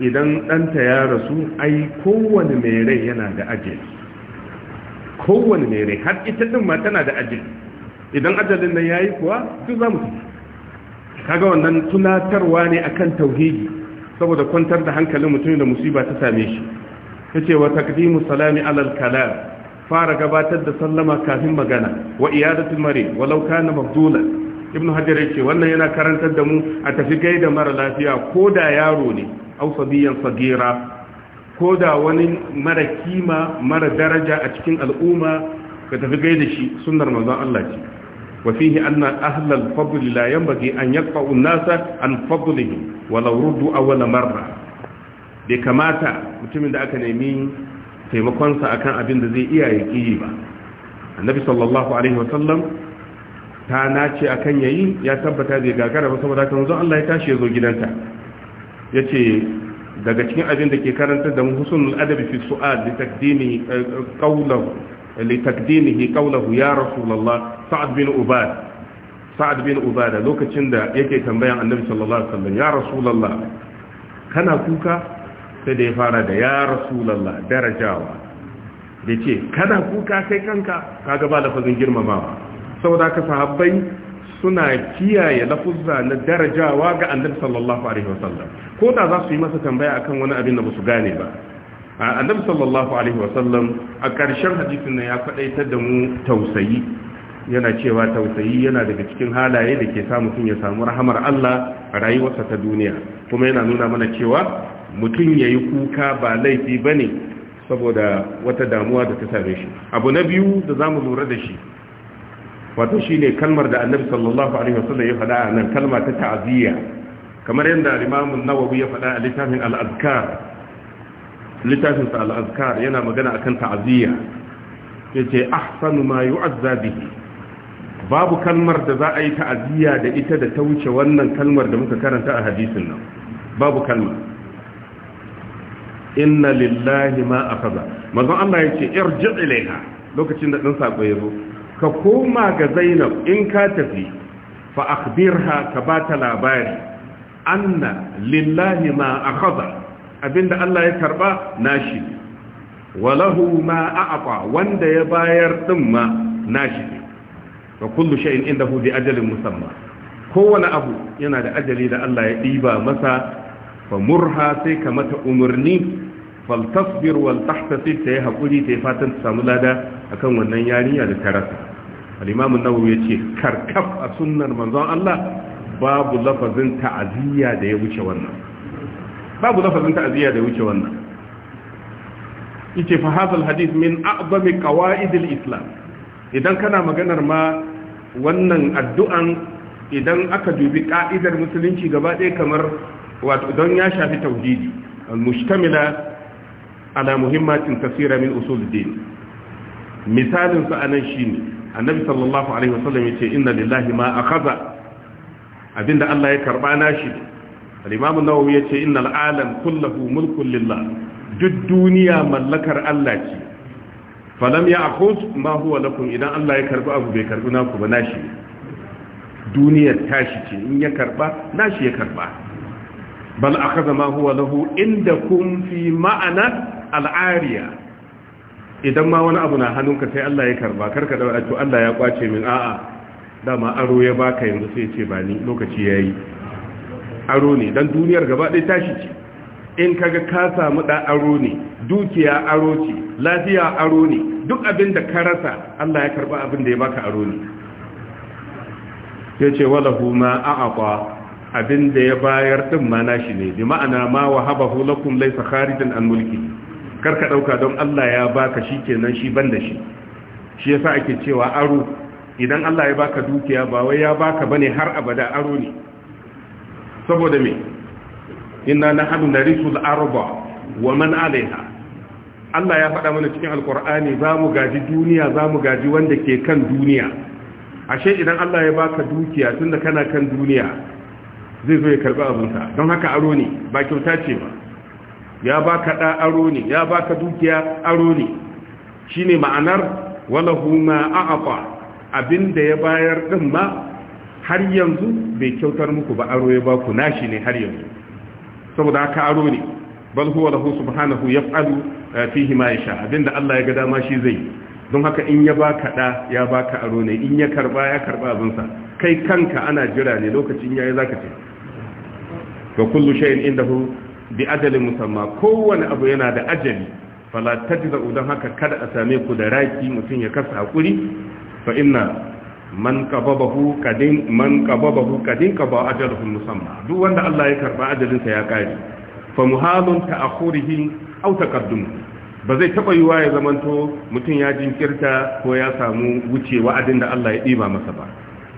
idan ɗanta ya rasu ai kowane mai rai yana da ajiyar kowane mai rai har ita ɗin ma tana da ajiyar idan ajalin nan ya yi kuwa duk za mu kaga wannan tunatarwa ne a kan tauhidi saboda kwantar da hankalin mutum da musiba ta same shi ta ce wa takdimu salami alal kalam fara gabatar da sallama kafin magana wa iyadatul mari walau kana mabdulan ibnu hajar ce wannan yana karantar da mu a tafi gaida mara lafiya ko da yaro ne au sabiyan sagira ko da wani mara kima mara daraja a cikin al'umma ka tafi gaida shi sunar manzon Allah ce wa fihi anna ahla al la yanbaghi an yaqta'u an-nasa an fadlihi walau ruddu awwala marra bai kamata mutumin da aka nemi taimakonsa akan abin da zai iya yaki ba annabi sallallahu alaihi sallam. ta nace akan yayi ya tabbata zai gagara ba saboda kan zo Allah ya tashi ya zo gidanta ya ce daga cikin abin da ke karanta da husnul adabi fi su'ad li taqdimi eh, qawluhu ya rasulullah sa'ad bin ubad sa'ad bin ubada lokacin da yake tambayan annabi sallallahu alaihi wasallam ya rasulullah kana kuka sai da ya fara da ya rasulullah darajawa da ce kana kuka sai kanka kaga ba lafazin girmamawa saboda ka sahabbai suna kiyaye lafuzza na darajawa ga annabi sallallahu alaihi wasallam ko da za su yi masa tambaya akan wani abin da musu gane ba annabi sallallahu alaihi wasallam a ƙarshen hadisin nan ya ta da mu tausayi yana cewa tausayi yana daga cikin halaye da ke sa mutum ya samu rahamar Allah a rayuwarsa ta duniya kuma yana nuna mana cewa mutum ya yi kuka ba laifi ba ne saboda wata damuwa da ta same shi abu na biyu da zamu lura da shi wato shine kalmar da annabi sallallahu alaihi wasallam ya faɗa a nan kalma ta ta'aziyya kamar yadda al-imam an-nawawi ya faɗa a littafin al-azkar littafin sa al-azkar yana magana akan ta'aziyya yace ahsanu ma yu'azza bihi babu kalmar da za a yi ta'aziyya da ita da ta wuce wannan kalmar da muka karanta a hadisin nan babu kalma inna lillahi ma akhadha manzon Allah yace irji' ilaiha lokacin da dan sako ya zo ka koma ga zainab in ka tafi fa akhbirha ka ba ta labari anna lillahi ma akhadha abinda Allah ya karba nashi walahu ma wanda ya bayar din ma nashi Ka kullu shay'in indahu bi ajalin musamma kowane abu yana da ajali da Allah ya diba masa fa murha sai ka mata umurni faltasbir wal tahtasib ta yi hakuri ta yi fatan ta samu lada akan wannan yarinya da ta rasa al-imam an yace karkaf a sunnar manzon Allah babu lafazin ta'aziyya da ya wuce wannan babu lafazin ta'aziyya da ya wuce wannan yace fa hadal hadith min a'zami qawaid al-islam idan kana maganar ma wannan addu'an idan aka dubi ka'idar musulunci gaba ɗaya kamar wato don ya shafi tauhidi al-mustamila Ana muhimmatin kasira min usuluddin misalin sa anan shine annabi sallallahu alaihi wasallam yace inna lillahi ma akhadha abinda Allah ya karba nashi al-imam an-nawawi yace innal alam kulluhu mulkun lillah duk duniya mallakar Allah ce falam ya'khudh ma huwa lakum idan Allah ya karba abu bai karbi naku ba nashi duniyar tashi ce in ya karba nashi ya bal akhadha ma huwa lahu fi ma'ana al'ariya idan ma wani abu na hannunka sai Allah ya karba karka da wato Allah ya kwace min a'a dama aro ya baka yanzu sai ce ba ni lokaci yayi aro ne dan duniyar gaba ɗaya tashi ce in kaga ka samu da aro ne dukiya aro ce lafiya aro ne duk abin da ka rasa Allah ya karba abin da ya baka aro ne yace walahu ma a'ata abin da ya bayar din ma nashi ne bi ma'ana ma wahabahu lakum laysa kharijan an mulki karka ɗauka don Allah ya baka shi kenan shi ban da shi shi yasa ake cewa aro idan Allah ya baka dukiya ba wai ya baka bane har abada aro ne saboda me inna nahnu narisul arba wa man alaiha Allah ya faɗa mana cikin alkur'ani za mu gaji duniya za mu gaji wanda ke kan duniya ashe idan Allah ya baka dukiya tunda kana kan duniya zai zo ya karbi abinka don haka aro ne ba kyauta ce ba ya baka da aro ne ya baka dukiya aro ne shine ma'anar walahu ma a'ata abinda ya bayar din ma har yanzu bai kyautar muku ba aro ya baku nashi ne har yanzu saboda haka aro ne bal huwa lahu subhanahu yaf'alu eh, fihi ma yasha abinda Allah ya ga dama shi zai don haka in ya baka da ya baka aro ne in ya karba ya karba abin sa kai kanka ana jira ne lokacin yayi zaka ce to kullu shay'in indahu bi ajalin musamma kowane abu yana da ajali fala tajza udan haka kada a same ku da raki mutum ya kasa hakuri fa inna man qababahu qadin man qababahu qadin qaba ajaluhu musamman. duk wanda Allah ya karba ajalin sa ya kare fa muhalun ta'khurihi aw taqaddum ba zai taba yiwa ya zamanto mutum ya jinkirta ko ya samu wuce wa'adin da Allah ya diba masa ba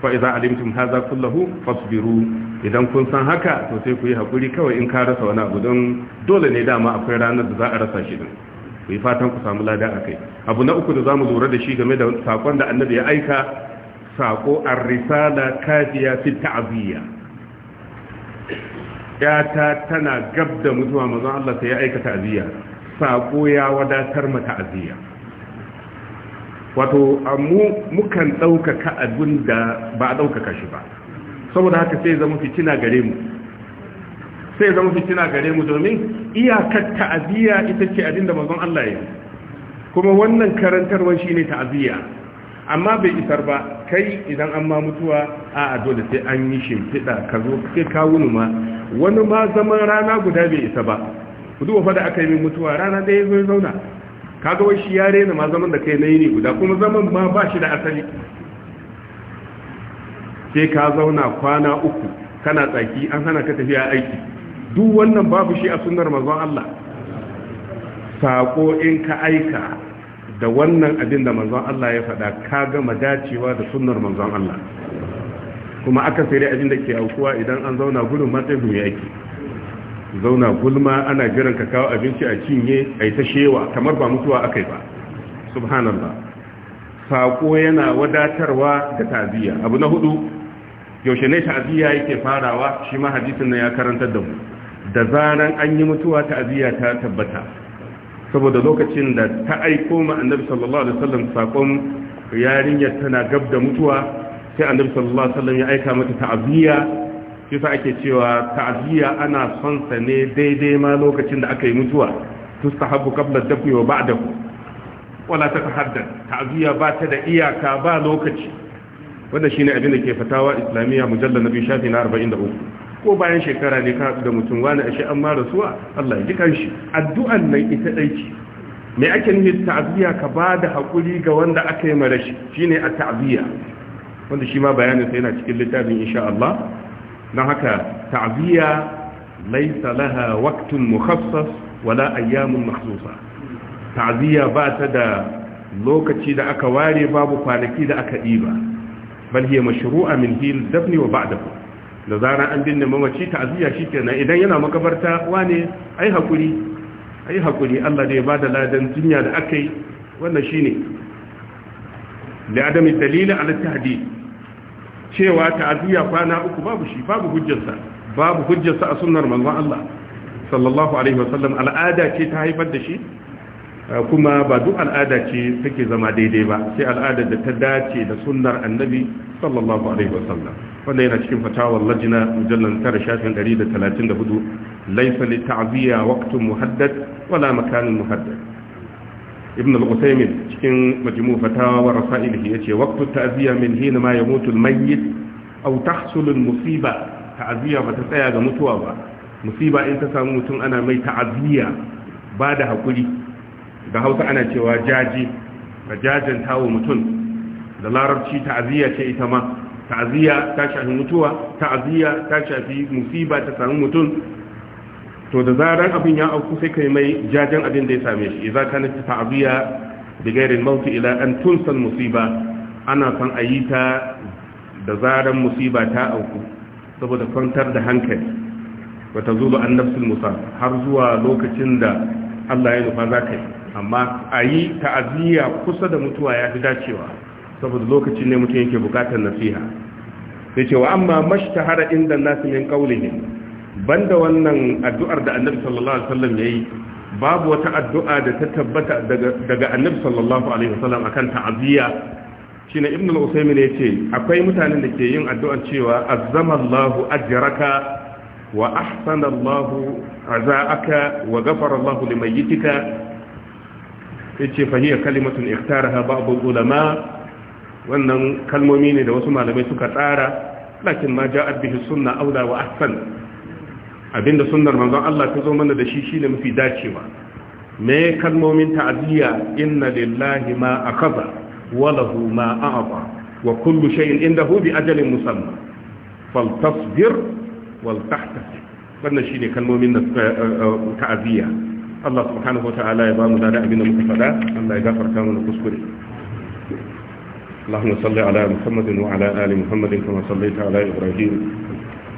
fa idza alimtum hadha kullahu fasbiru idan kun san haka to sai ku yi hakuri kawai in ka rasa wani abu don dole ne dama akwai ranar da za a rasa shi din ku yi fatan ku samu lada akai abu na uku da zamu lura da shi game da sakon da annabi ya aika sako ar-risala kafiya fi ta'ziya yata tana gab da mutuwa manzon Allah sai ya aika ta'ziya sako ya wadatar mata ta'ziya wato mu mukan ɗaukaka abin da ba a ɗaukaka shi ba saboda haka sai zama fitina gare mu sai zama fitina gare mu domin iyakar ta'aziyya ita ce abin da manzon Allah ya kuma wannan karantarwar shine ta'aziyya amma bai isar ba kai idan an ma mutuwa a a dole sai an yi shimfiɗa ka zo sai ka wuni ma wani ma zaman rana guda bai isa ba ku duba fa da aka yi min mutuwa rana ɗaya zo zauna kaga wai shi ya rena ma zaman da kai na ne guda kuma zaman ma ba shi da asali sai ka zauna kwana uku kana tsaki an hana ka tafiya aiki duk wannan babu shi a sunnar manzon Allah sako in ka aika da wannan abin da manzon Allah ya faɗa ka gama dacewa da sunnar manzon Allah kuma aka sai dai abin da ke aukuwa idan an zauna gudun matsayin mai aiki zauna gulma ana jiran ka kawo abinci a cinye a yi ta shewa kamar ba mutuwa akai ba subhanallah sako yana wadatarwa da taziya abu na hudu yaushe ne taziya yake farawa shi ma hadisin na ya karantar da mu da zaran an yi mutuwa taziya ta tabbata saboda lokacin da ta aiko ma annabi sallallahu alaihi wasallam saƙon yarinyar tana gab da mutuwa sai annabi sallallahu alaihi wasallam ya aika mata ta'aziyya yasa ake cewa ta'ziya ana son sa ne daidai ma lokacin da aka yi mutuwa tustahabu qabla dafni wa ba'dahu wala tatahaddad ta'ziya ba ta da iyaka ba lokaci wanda shine abin da ke fatawa islamiyya mujallal nabi shafi na 43 ko bayan shekara ne ka da mutum wani ashe an mara suwa Allah ya ji kanshi addu'an nan ita dai me ake nufi ta'ziya ka ba da hakuri ga wanda aka yi marashi shine at-ta'ziya wanda shi ma bayanin sa yana cikin littafin insha Allah don haka ta'ziya laysa laha waqtun mukhassas wala ayyamun makhsusa ta'ziya ba ta da lokaci da aka ware babu kwanaki da aka diba bal hiya mashru'a min hil dafni wa ba'dahu da zaran an binne mamaci ta'ziya shikenan idan yana makabarta wane ai hakuri ai hakuri Allah da ya bada ladan jinya da akai wannan shine li adami dalila ala tahdid cewa ta'aziyya kwana uku babu shi babu hujjarsa babu hujjarsa a sunnar manzon Allah sallallahu alaihi wasallam al'ada ce ta haifar da shi kuma ba duk al'ada ce take zama daidai ba sai al'ada da ta dace da sunnar annabi sallallahu alaihi wasallam wanda yana cikin fatawar lajina mujallar tara shafin 134 laisa li ta'ziya waqtun muhaddad wala makanin muhaddad ibn al-usaymin cikin majmu fatawa wa rasailihi yace waqtu ta'ziya min hina ma yamutu al-mayyit aw tahsul al-musiba ta'ziya ba ta tsaya ga mutuwa ba musiba in ta samu mutum ana mai ta'ziya ba da hakuri da Hausa ana cewa jaji ka jajanta wa mutum da larabci ta'ziya ce ita ma ta'ziya ta shafi mutuwa ta'ziya ta shafi musiba ta samu mutum to da zaran abin ya auku sai kai mai jajen abin da ya same shi idza kana ta'ziya bi ghairi al ila an tunsal musiba ana san ayi ta da zaran musiba ta auku saboda kwantar da hankali wa tazulu an nafsul musab har zuwa lokacin da Allah ya nufa zaka yi amma ayi ta'ziya kusa da mutuwa ya fi dacewa saboda lokacin ne mutum yake bukatar nasiha yace wa amma mashtahara inda nasu min qawlihim banda wannan addu'ar da annabi sallallahu alaihi wasallam yayi babu wata addu'a da ta tabbata daga annabi sallallahu alaihi wasallam akan ta'ziya shine ibn al-usaymin ce akwai mutanen da ke yin addu'ar cewa azzama Allahu ajraka wa ahsana Allahu azaaka wa ghafara limayyitika yace fa hiya kalimatun ikhtaraha babu ulama wannan kalmomi ne da wasu malamai suka tsara lakin ma ja'at bihi sunna aula wa ahsan abinda sunnar manzon Allah ta zo mana da shi shine mafi dacewa me kalmomin ta'aziyya inna lillahi ma akhadha wa lahu ma a'ta wa kullu shay'in indahu bi ajalin musamma faltasbir wal tahtasib wannan shine kalmomin eh, eh, ta'aziyya Allah subhanahu wa ta'ala ya bamu da abinda muka fada Allah ya gafarta mana kuskure اللهم صل على محمد وعلى آل محمد كما صليت على إبراهيم